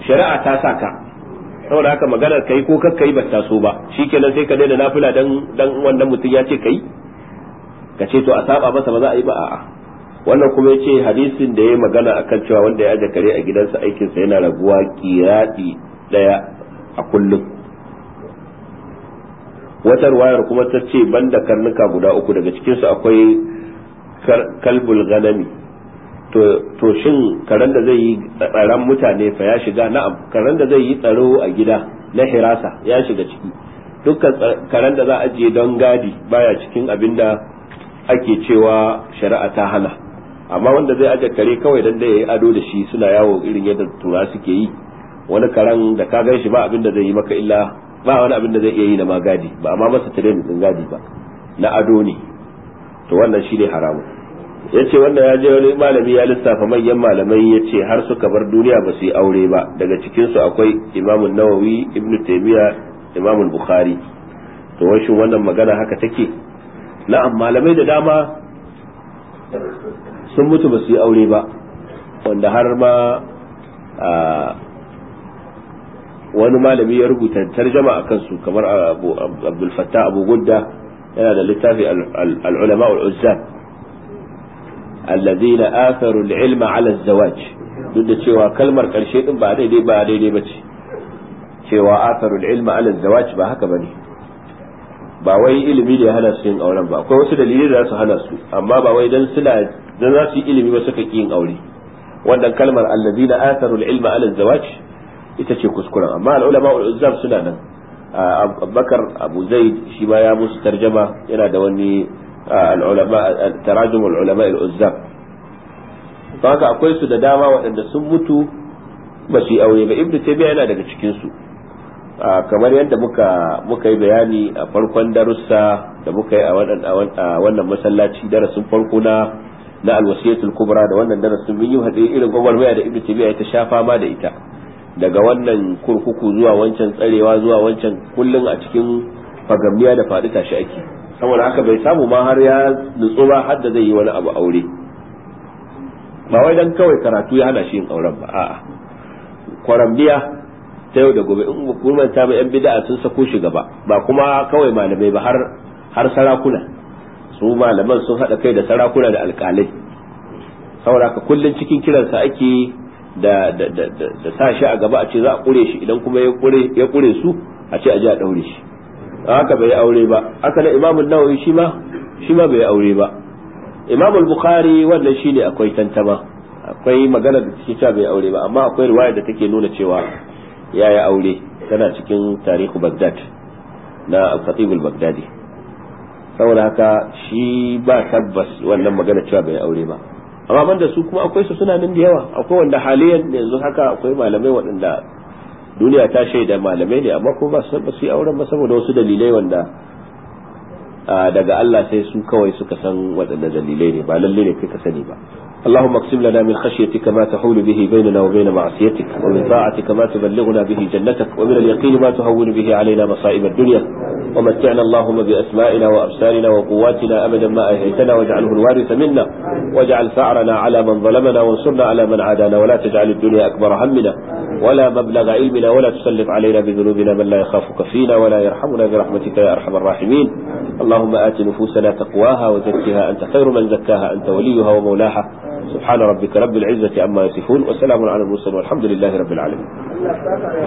shari'a ta sa ka saboda haka maganar kai ko kakka yi bata so ba shikenan sai ka daina nafila dan dan wannan mutum ya ce kai ka ce to a saba masa ba za a yi ba a'a wannan kuma yace hadisin da yayi magana akan cewa wanda ya jakare kare a gidansa aikin sa yana raguwa kiradi daya a kullum wata ruwayar kuma ta ce banda karnuka guda uku daga cikinsu akwai kalbul ganami to shin karen da zai yi tsaron mutane fa ya shiga na'am karen da zai yi tsaro a gida na hirasa ya shiga ciki dukkan karen da za a je don gadi baya cikin abin da ake cewa shari'a ta hana amma wanda zai aje kare kawai dan da yayi ado da shi suna yawo irin yadda tura suke yi wani karen da ka gan shi ba abin da zai yi maka illa ba wani abin da zai iya yi na magadi ba amma masa tare din gadi ba na ado ne to wannan shi shine haramun ce wanda ya je wani malami ya lissafa manyan malamai ya ce har suka bar duniya ba su yi aure ba daga cikinsu akwai imamun Nawawi Ibn taimiyya imamun Bukhari to washin wannan magana haka take na'am malamai da dama sun mutu ba su yi aure ba wanda har ma wani malami ya rubuta tarjama a kansu kamar abu abdulfatta Abu Gudda yana da littafi al-ulama al-uzzab alladhina atharu al zawaj duk da cewa kalmar karshe din ba daidai ba daidai bace cewa atharu zawaj ba haka bane ba wai ilimi ne hana su yin auren ba akwai wasu dalilai da su hana su amma ba wai dan suna dan za su yi ilimi ba suka yin aure wannan kalmar Allazina atharu al-ilma ala zawaj ita ce kuskuren amma al-ulama suna nan abubakar abu zaid shi ba ya musu tarjama yana da wani tarajum ulama al-uzzab don haka akwai su da dama waɗanda sun mutu ba su yi aure ba ibnu taymiya yana daga cikinsu. kamar yadda muka yi bayani a farkon darussa da muka yi a wannan masallaci darasin farko na na alwasiyatul kubra da wannan darasin mun yi hade irin gwagwarmaya da ibnu taymiya ya ta shafa ma da ita daga wannan kurkuku zuwa wancan tsarewa zuwa wancan kullum a cikin fagamiya da faɗi tashi ake saboda haka bai samu ma har ya nutsu ba har da zai yi wani abu aure ba wai dan kawai karatu ya hana shi yin auren ba a'a kwarambiya ta yau da gobe in hukumar ta yan bid'a sun sako shi gaba ba kuma kawai malamai ba har har sarakuna su malaman sun haɗa kai da sarakuna da alƙalai saboda haka kullum cikin kiransa ake da da da da sa shi a gaba a ce za a kure shi idan kuma ya kure ya kure su a ce a ji a daure shi haka bai aure ba haka na imamu nawawi shi ma shi ma bai aure ba imamu bukhari wannan shi ne akwai tantama akwai magana da take cewa bai aure ba amma akwai riwaya da take nuna cewa yaya aure tana cikin tarihu bagdad na al-khatib al-baghdadi saboda haka shi ba tabbas wannan magana cewa bai aure ba amma banda su kuma akwai su suna nan da yawa akwai wanda haliyan yanzu haka akwai malamai waɗanda duniya ta shaida malamai ne amma kuma ba su ba su yi auren ba saboda wasu dalilai wanda daga Allah sai su kawai suka san waɗanda dalilai ne ba lalle ne kai ka sani ba اللهم اقسم لنا من خشيتك ما تحول به بيننا وبين معصيتك ومن طاعتك ما تبلغنا به جنتك ومن اليقين ما تهون به علينا مصائب الدنيا ومتعنا اللهم بأسمائنا وأبصارنا وقواتنا أبدا ما أهيتنا واجعله الوارث منا واجعل ثأرنا على من ظلمنا وانصرنا على من عادانا ولا تجعل الدنيا أكبر همنا ولا مبلغ علمنا ولا تسلط علينا بذنوبنا من لا يخافك فينا ولا يرحمنا برحمتك يا أرحم الراحمين اللهم آت نفوسنا تقواها وزكها أنت خير من زكاها أنت وليها ومولاها سبحان ربك رب العزة عما يصفون وسلام على المرسلين والحمد لله رب العالمين